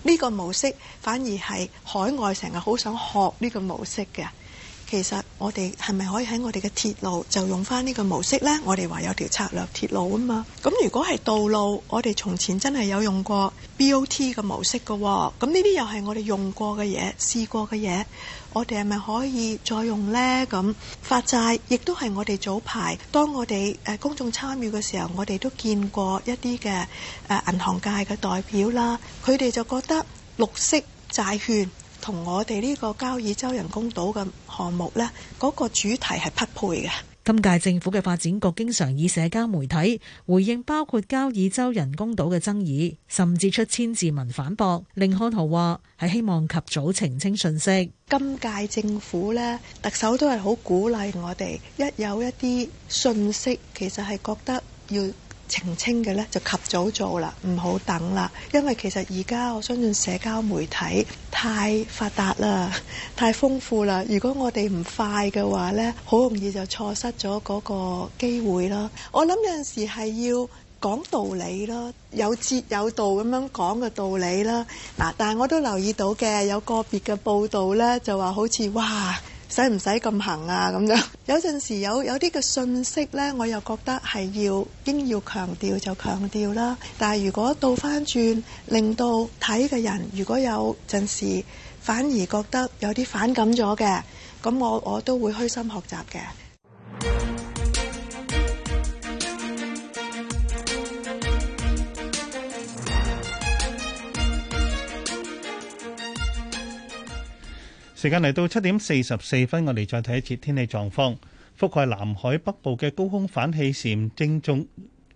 呢個模式反而係海外成日好想學呢個模式嘅。其實我哋係咪可以喺我哋嘅鐵路就用翻呢個模式呢？我哋話有條策略鐵路啊嘛。咁如果係道路，我哋從前真係有用過 BOT 嘅模式嘅喎。咁呢啲又係我哋用過嘅嘢、試過嘅嘢，我哋係咪可以再用呢？咁發債亦都係我哋早排當我哋誒公眾參與嘅時候，我哋都見過一啲嘅誒銀行界嘅代表啦，佢哋就覺得綠色債券。同我哋呢個交椅洲人工島嘅項目呢，嗰、那個主題係匹配嘅。今屆政府嘅發展局經常以社交媒體回應包括交椅洲人工島嘅爭議，甚至出千字文反駁。甯漢豪話：係希望及早澄清信息。今屆政府呢，特首都係好鼓勵我哋，一有一啲信息其實係覺得要。澄清嘅咧就及早做啦，唔好等啦。因為其實而家我相信社交媒體太發達啦，太豐富啦。如果我哋唔快嘅話呢，好容易就錯失咗嗰個機會咯。我諗有陣時係要講道理咯，有節有道咁樣講嘅道理啦。嗱，但係我都留意到嘅有個別嘅報道呢，就話好似哇～使唔使咁行啊？咁 (laughs) 樣，有陣時有有啲嘅信息咧，我又覺得係要應要強調就強調啦。但係如果倒翻轉令到睇嘅人如果有陣時反而覺得有啲反感咗嘅，咁我我都會虛心學習嘅。時間嚟到七點四十四分，我哋再睇一次天氣狀況。覆蓋南海北部嘅高空反氣旋正逐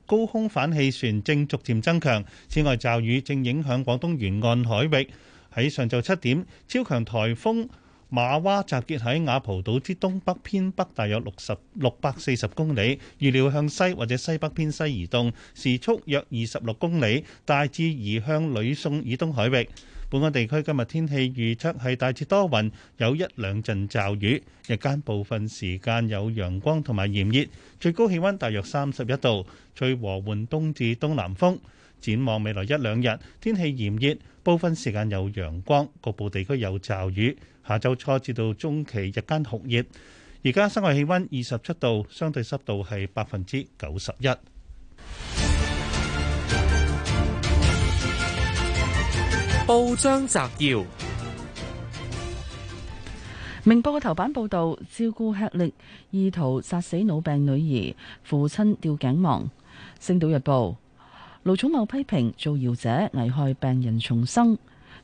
高空反氣旋正逐漸增強。此外，驟雨正影響廣東沿岸海域。喺上晝七點，超強颱風馬娃集結喺雅浦島之東北偏北，大約六十六百四十公里，預料向西或者西北偏西移動，時速約二十六公里，大致移向呂宋以東海域。本港地區今日天，天氣預測係大致多雲，有一兩陣驟雨，日間部分時間有陽光同埋炎熱，最高氣溫大約三十一度，吹和緩東至東南風。展望未來一兩日天氣炎熱，部分時間有陽光，局部地區有驟雨。下週初至到中期日間酷熱。而家室外氣溫二十七度，相對濕度係百分之九十一。報章摘要，明報嘅頭版報道，照顧吃力，意圖殺死腦病女兒，父親吊頸亡。星島日報，盧寵茂批評造謠者危害病人重生。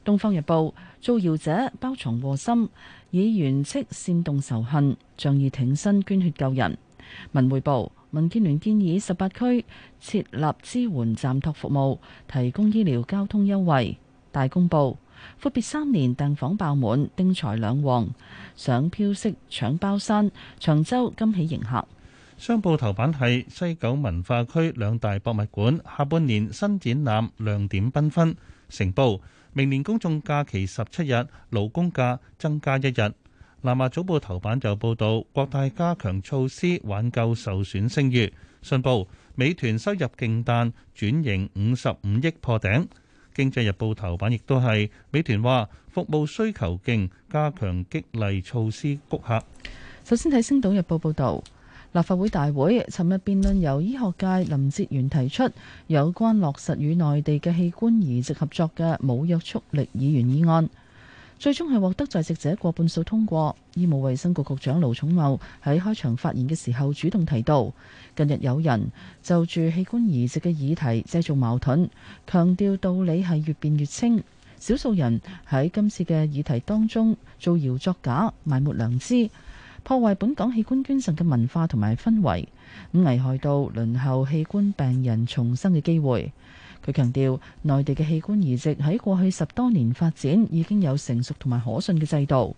東方日報，造謠者包藏禍心，議員斥煽動仇恨，仗義挺身捐血救人。文匯報，民建聯建議十八區設立支援暫託服務，提供醫療交通優惠。大公報闊別三年，訂房爆滿，丁財兩旺，上飄色搶包山，長洲今起迎客。商報頭版係西九文化區兩大博物館下半年新展覽亮點繽紛。成報明年公眾假期十七日，勞工假增加一日。南華早報頭版就報導國大加強措施挽救受損聲譽。信報美團收入勁彈，轉型五十五億破頂。《經濟日報》頭版亦都係，美團話服務需求勁，加強激勵措施谷客。首先睇《星島日報》報導，立法會大會尋日辯論由醫學界林哲玄提出有關落實與內地嘅器官移植合作嘅無約束力議員議案。最終係獲得在席者過半數通過。醫務衛生局局長盧寵茂喺開場發言嘅時候主動提到，近日有人就住器官移植嘅議題製造矛盾，強調道理係越辯越清。少數人喺今次嘅議題當中造謠作假、埋沒良知，破壞本港器官捐贈嘅文化同埋氛圍，咁危害到輪候器官病人重生嘅機會。佢強調，內地嘅器官移植喺過去十多年發展已經有成熟同埋可信嘅制度。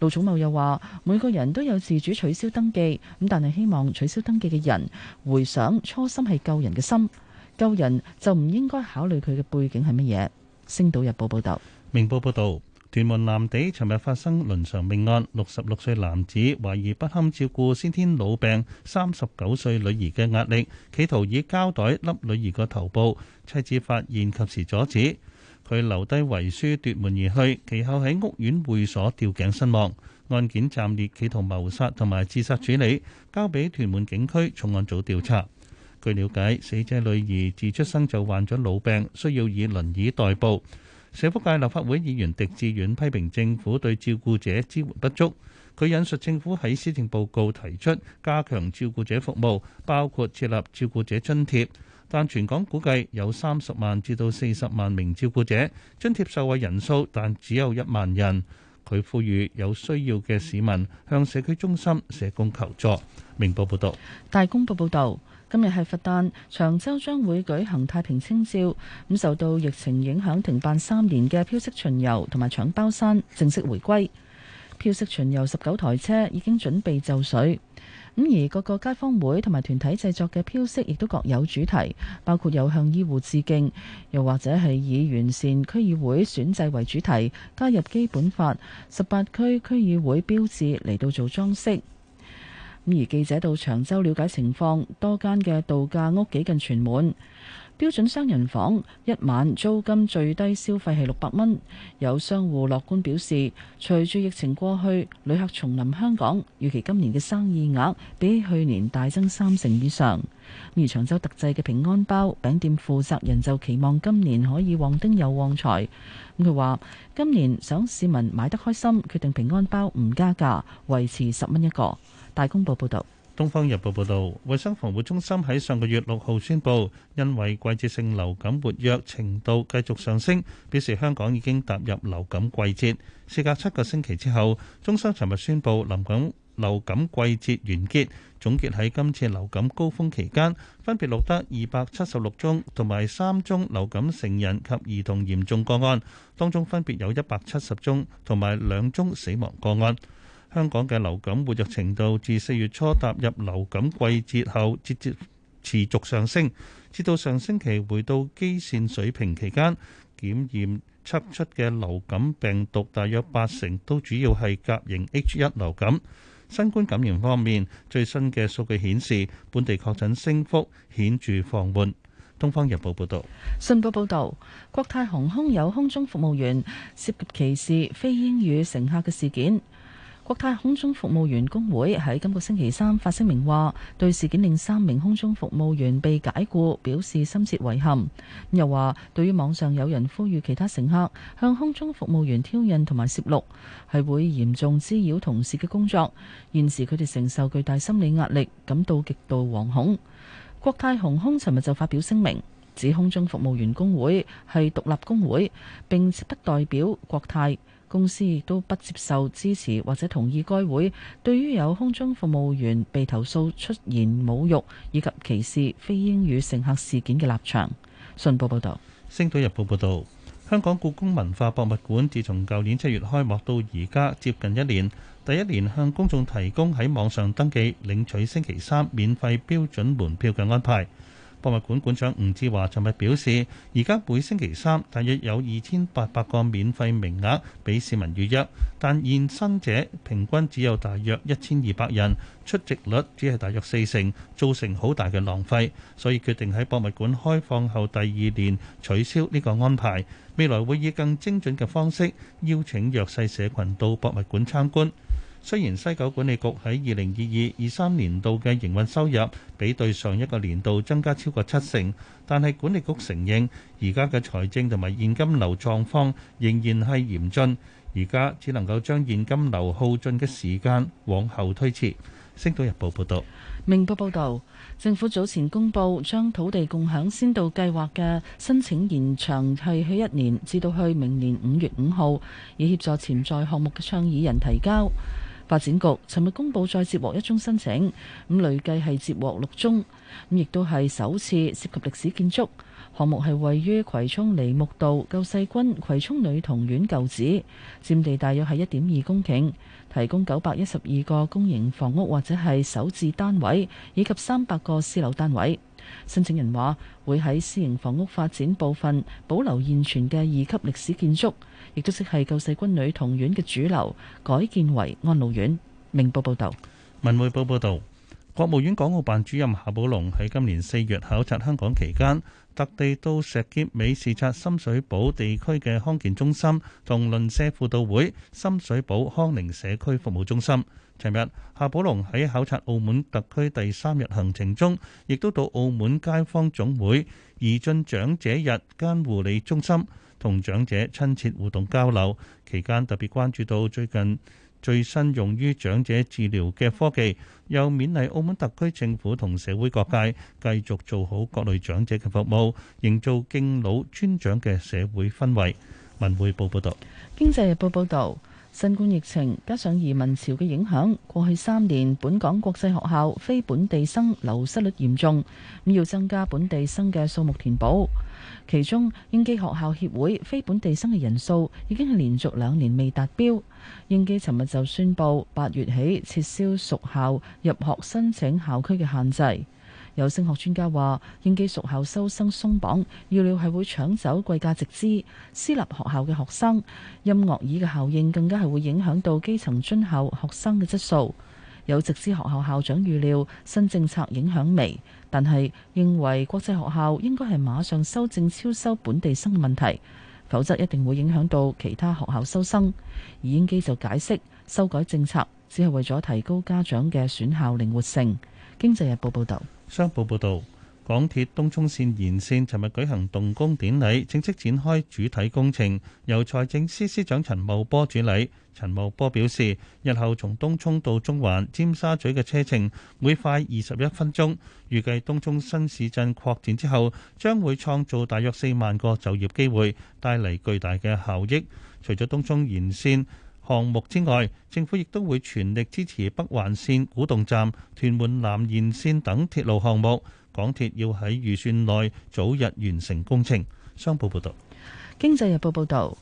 盧寵茂又話：每個人都有自主取消登記，咁但係希望取消登記嘅人回想初心係救人嘅心，救人就唔應該考慮佢嘅背景係乜嘢。星島日報報道。明報報道。屯門藍地尋日發生倫常命案，六十六歲男子懷疑不堪照顧先天老病三十九歲女兒嘅壓力，企圖以膠袋笠女兒個頭部，妻子發現及時阻止，佢留低遺書奪門而去，其後喺屋苑會所吊頸身亡。案件暫列企圖謀殺同埋自殺處理，交俾屯門警區重案組調查。據了解，死者女兒自出生就患咗老病，需要以輪椅代步。社福界立法會議員狄志遠批評政府對照顧者支援不足，佢引述政府喺施政報告提出加強照顧者服務，包括設立照顧者津貼，但全港估計有三十萬至到四十萬名照顧者，津貼受惠人數但只有一萬人。佢呼籲有需要嘅市民向社區中心社工求助。明報報道。大公報報道。今日係佛誕，長洲將會舉行太平清醮。咁受到疫情影響停辦三年嘅飄色巡遊同埋搶包山正式回歸。飄色巡遊十九台車已經準備就緒。咁而各個街坊會同埋團體製作嘅飄色亦都各有主題，包括有向醫護致敬，又或者係以完善區議會選制為主題，加入基本法、十八區區議會標誌嚟到做裝飾。咁而記者到長洲了解情況，多間嘅度假屋幾近全滿，標準雙人房一晚租金最低消費係六百蚊。有商戶樂觀表示，隨住疫情過去，旅客重臨香港，預期今年嘅生意額比去年大增三成以上。而長洲特製嘅平安包餅店負責人就期望今年可以旺丁又旺財。佢話：今年想市民買得開心，決定平安包唔加價，維持十蚊一個。大公報報導，《東方日報》報導，衞生防護中心喺上個月六號宣布，因為季節性流感活躍程度繼續上升，表示香港已經踏入流感季節。事隔七個星期之後，中心尋日宣布，本港流感季節完結。總結喺今次流感高峯期間，分別錄得二百七十六宗同埋三宗流感成人及兒童嚴重個案，當中分別有一百七十宗同埋兩宗死亡個案。香港嘅流感活躍程度，自四月初踏入流感季節後節節持續上升，直到上星期回到基線水平，期間檢驗測出嘅流感病毒大約八成都主要係甲型 H 一流感。新冠感染方面，最新嘅數據顯示，本地確診升幅顯著放緩。東方日報報道，信報報道，國泰航空有空中服務員涉及歧視非英語乘客嘅事件。國泰空中服務員工會喺今個星期三發聲明話，對事件令三名空中服務員被解雇表示深切遺憾。又話，對於網上有人呼籲其他乘客向空中服務員挑釁同埋攝錄，係會嚴重滋擾同事嘅工作。現時佢哋承受巨大心理壓力，感到極度惶恐。國泰航空尋日就發表聲明，指空中服務員工會係獨立工會，並不代表國泰。公司亦都不接受支持或者同意該會對於有空中服務員被投訴出現侮辱以及歧視非英語乘客事件嘅立場。信報報道，星島日報報道，香港故宮文化博物館自從舊年七月開幕到而家接近一年，第一年向公眾提供喺網上登記領取星期三免費標準門票嘅安排。博物館館長吳志華尋日表示，而家每星期三大約有二千八百個免費名額俾市民預約，但現身者平均只有大約一千二百人，出席率只係大約四成，造成好大嘅浪費，所以決定喺博物館開放後第二年取消呢個安排。未來會以更精準嘅方式邀請弱勢社群到博物館參觀。雖然西九管理局喺二零二二二三年度嘅營運收入比對上一個年度增加超過七成，但係管理局承認而家嘅財政同埋現金流狀況仍然係嚴峻，而家只能夠將現金流耗盡嘅時間往後推遲。星島日報報道。明報報道，政府早前公布將土地共享先導計劃嘅申請延長係去一年至到去明年五月五號，以協助潛在項目嘅倡議人提交。發展局尋日公布再接獲一宗申請，咁累計係接獲六宗，亦都係首次涉及歷史建築項目，係位於葵涌梨木道救世軍葵涌女童院舊址，佔地大約係一點二公頃，提供九百一十二個公營房屋或者係首置單位，以及三百個私樓單位。申請人話會喺私營房屋發展部分保留現存嘅二級歷史建築。亦都即係救世軍女童院嘅主樓改建為安老院。明報報道，文匯報報道，國務院港澳辦主任夏寶龍喺今年四月考察香港期間，特地到石硖尾視察深水埗地區嘅康健中心同鄰舍輔導會深水埗康寧社區服務中心。尋日，夏寶龍喺考察澳門特區第三日行程中，亦都到澳門街坊總會移進長者日間護理中心。同長者親切互動交流，期間特別關注到最近最新用於長者治療嘅科技，又勉勵澳門特區政府同社會各界繼續做好各類長者嘅服務，營造敬老尊長嘅社會氛圍。文匯報報導，《經濟日報》報導，新冠疫情加上移民潮嘅影響，過去三年本港國際學校非本地生流失率嚴重，咁要增加本地生嘅數目填補。其中，英基學校協會非本地生嘅人數已經係連續兩年未達標。英基尋日就宣布，八月起撤銷屬校入學申請校區嘅限制。有升學專家話英基屬校收生鬆綁，預料係會搶走貴價直資私立學校嘅學生。音樂椅嘅效應更加係會影響到基層津校學生嘅質素。有直資學校校長預料，新政策影響微。但係認為國際學校應該係馬上修正超收本地生嘅問題，否則一定會影響到其他學校收生。而英基就解釋，修改政策只係為咗提高家長嘅選校靈活性。經濟日報報道、商報報道。港鐵東涌線延線尋日舉行動工典禮，正式展開主體工程。由財政司司長陳茂波主禮。陳茂波表示，日後從東涌到中環、尖沙咀嘅車程會快二十一分鐘。預計東涌新市鎮擴展之後，將會創造大約四萬個就業機會，帶嚟巨大嘅效益。除咗東涌延線項目之外，政府亦都會全力支持北環線古洞站、屯門南延線等鐵路項目。港鐵要喺預算內早日完成工程。商報報道，《經濟日報》報道，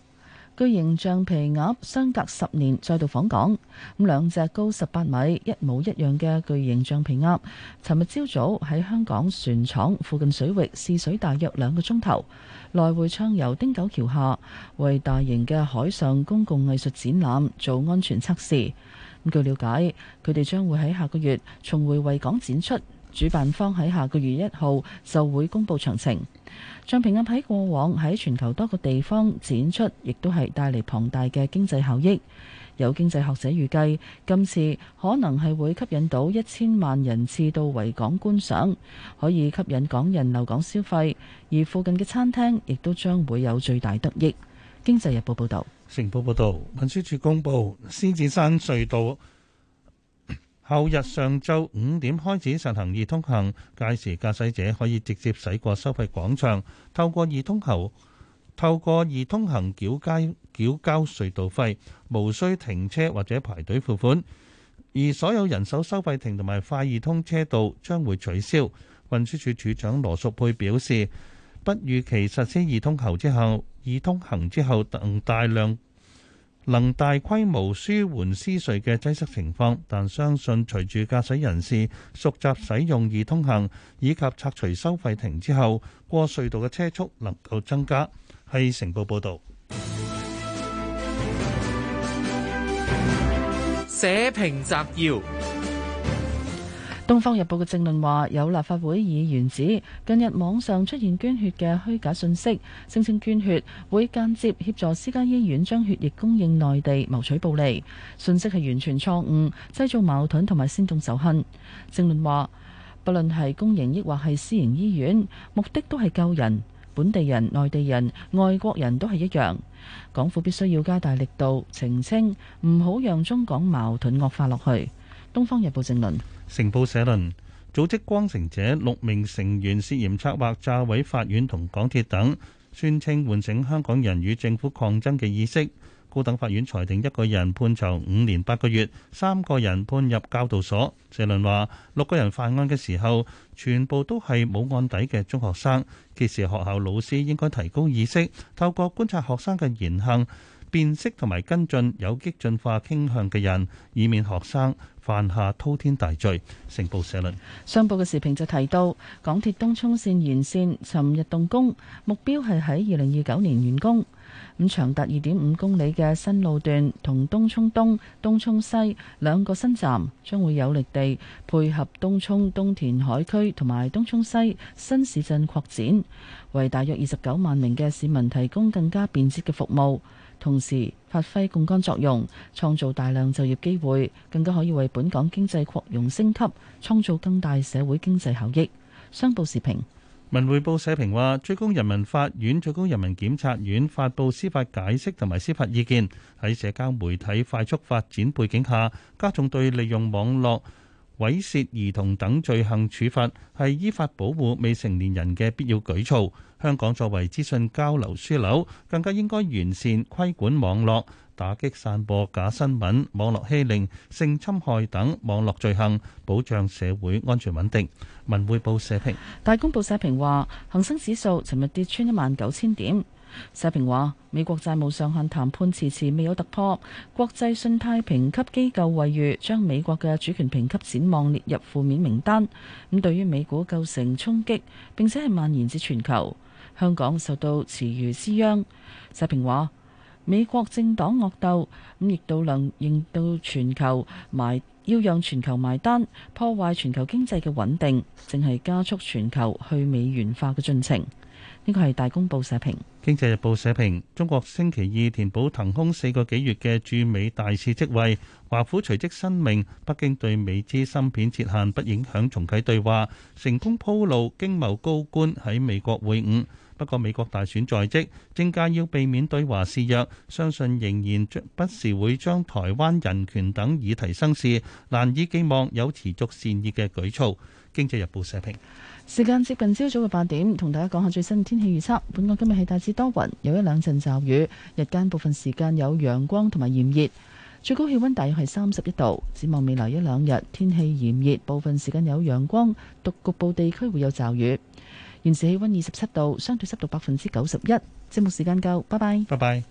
巨型橡皮鴨相隔十年再度訪港。咁兩隻高十八米、一模一樣嘅巨型橡皮鴨，尋日朝早喺香港船廠附近水域試水大約兩個鐘頭，來回暢游汀九橋下，為大型嘅海上公共藝術展覽做安全測試。咁據了解，佢哋將會喺下個月重回維港展出。主辦方喺下個月一號就會公布詳情。橡皮鴨喺過往喺全球多個地方展出，亦都係帶嚟龐大嘅經濟效益。有經濟學者預計，今次可能係會吸引到一千萬人次到維港觀賞，可以吸引港人留港消費，而附近嘅餐廳亦都將會有最大得益。經濟日報報道，成報報道，運輸署公佈獅子山隧道。後日上晝五點開始實行易通行，屆時駕駛者可以直接駛過收費廣場，透過易通行、透過易通行繳交繳交隧道費，無需停車或者排隊付款。而所有人手收費亭同埋快易通車道將會取消。運輸署署長羅淑佩表示，不預期實施易通行之後，易通行之後等大量。能大規模舒緩私隧嘅擠塞情況，但相信隨住駕駛人士熟習使用易通行，以及拆除收費亭之後，過隧道嘅車速能夠增加。係成報報道社評摘要。《東方日報》嘅正論話：有立法會議員指，近日網上出現捐血嘅虛假信息，聲稱捐血會間接協助私家醫院將血液供應內地謀取暴利，信息係完全錯誤，製造矛盾同埋煽動仇恨。正論話：不論係公營抑或係私營醫院，目的都係救人，本地人、內地人、外國人都係一樣。港府必須要加大力度澄清，唔好讓中港矛盾惡化落去。《東方日報》正論，《成報》社論：組織光城者六名成員涉嫌策劃炸毀法院同港鐵等，宣稱喚醒香港人與政府抗爭嘅意識。高等法院裁定一個人判囚五年八個月，三個人判入教導所。社論話，六個人犯案嘅時候，全部都係冇案底嘅中學生，揭示學校老師應該提高意識，透過觀察學生嘅言行辨識同埋跟進有激進化傾向嘅人，以免學生犯下滔天大罪，成報社論。商報嘅時評就提到，港鐵東涌線沿線尋日動工，目標係喺二零二九年完工。咁長達二點五公里嘅新路段同東涌東、東涌西兩個新站，將會有力地配合東涌東填海區同埋東涌西新市鎮擴展，為大約二十九萬名嘅市民提供更加便捷嘅服務。同時，發揮槓桿作用，創造大量就業機會，更加可以為本港經濟擴容升級，創造更大社會經濟效益。商報時評，文匯報社評話，最高人民法院、最高人民檢察院發布司法解釋同埋司法意見，喺社交媒體快速發展背景下，加重對利用網絡猥褻兒童等罪行處罰係依法保護未成年人嘅必要舉措。香港作為資訊交流樞紐，更加應該完善規管網絡，打擊散播假新聞、網絡欺凌、性侵害等網絡罪行，保障社會安全穩定。文匯報社評，大公報社評話，恒生指數尋日跌穿一萬九千點。世平話：美國債務上限談判遲遲未有突破，國際信貸評級機構惠譽將美國嘅主權評級展望列入負面名單，咁對於美股構成衝擊，並且係蔓延至全球，香港受到池魚之殃。世平話：美國政黨惡鬥，咁亦都能引到全球埋，要讓全球埋單，破壞全球經濟嘅穩定，淨係加速全球去美元化嘅進程。呢個係大公報社評，《經濟日報》社評：中國星期二填補騰空四個幾月嘅駐美大使職位，華府隨即申明，北京對美資芯片設限不影響重啟對話，成功鋪路。經貿高官喺美國會晤，不過美國大選在即，政界要避免對華示弱，相信仍然不時會將台灣人權等議題生事，難以寄望有持續善意嘅舉措。《經濟日報》社評。時間接近朝早嘅八點，同大家講下最新嘅天氣預測。本港今日係大致多雲，有一兩陣驟雨，日間部分時間有陽光同埋炎熱，最高氣溫大約係三十一度。展望未來一兩日，天氣炎熱，部分時間有陽光，獨局部地區會有驟雨。現時氣溫二十七度，相對濕度百分之九十一。節目時間夠，拜拜。拜拜。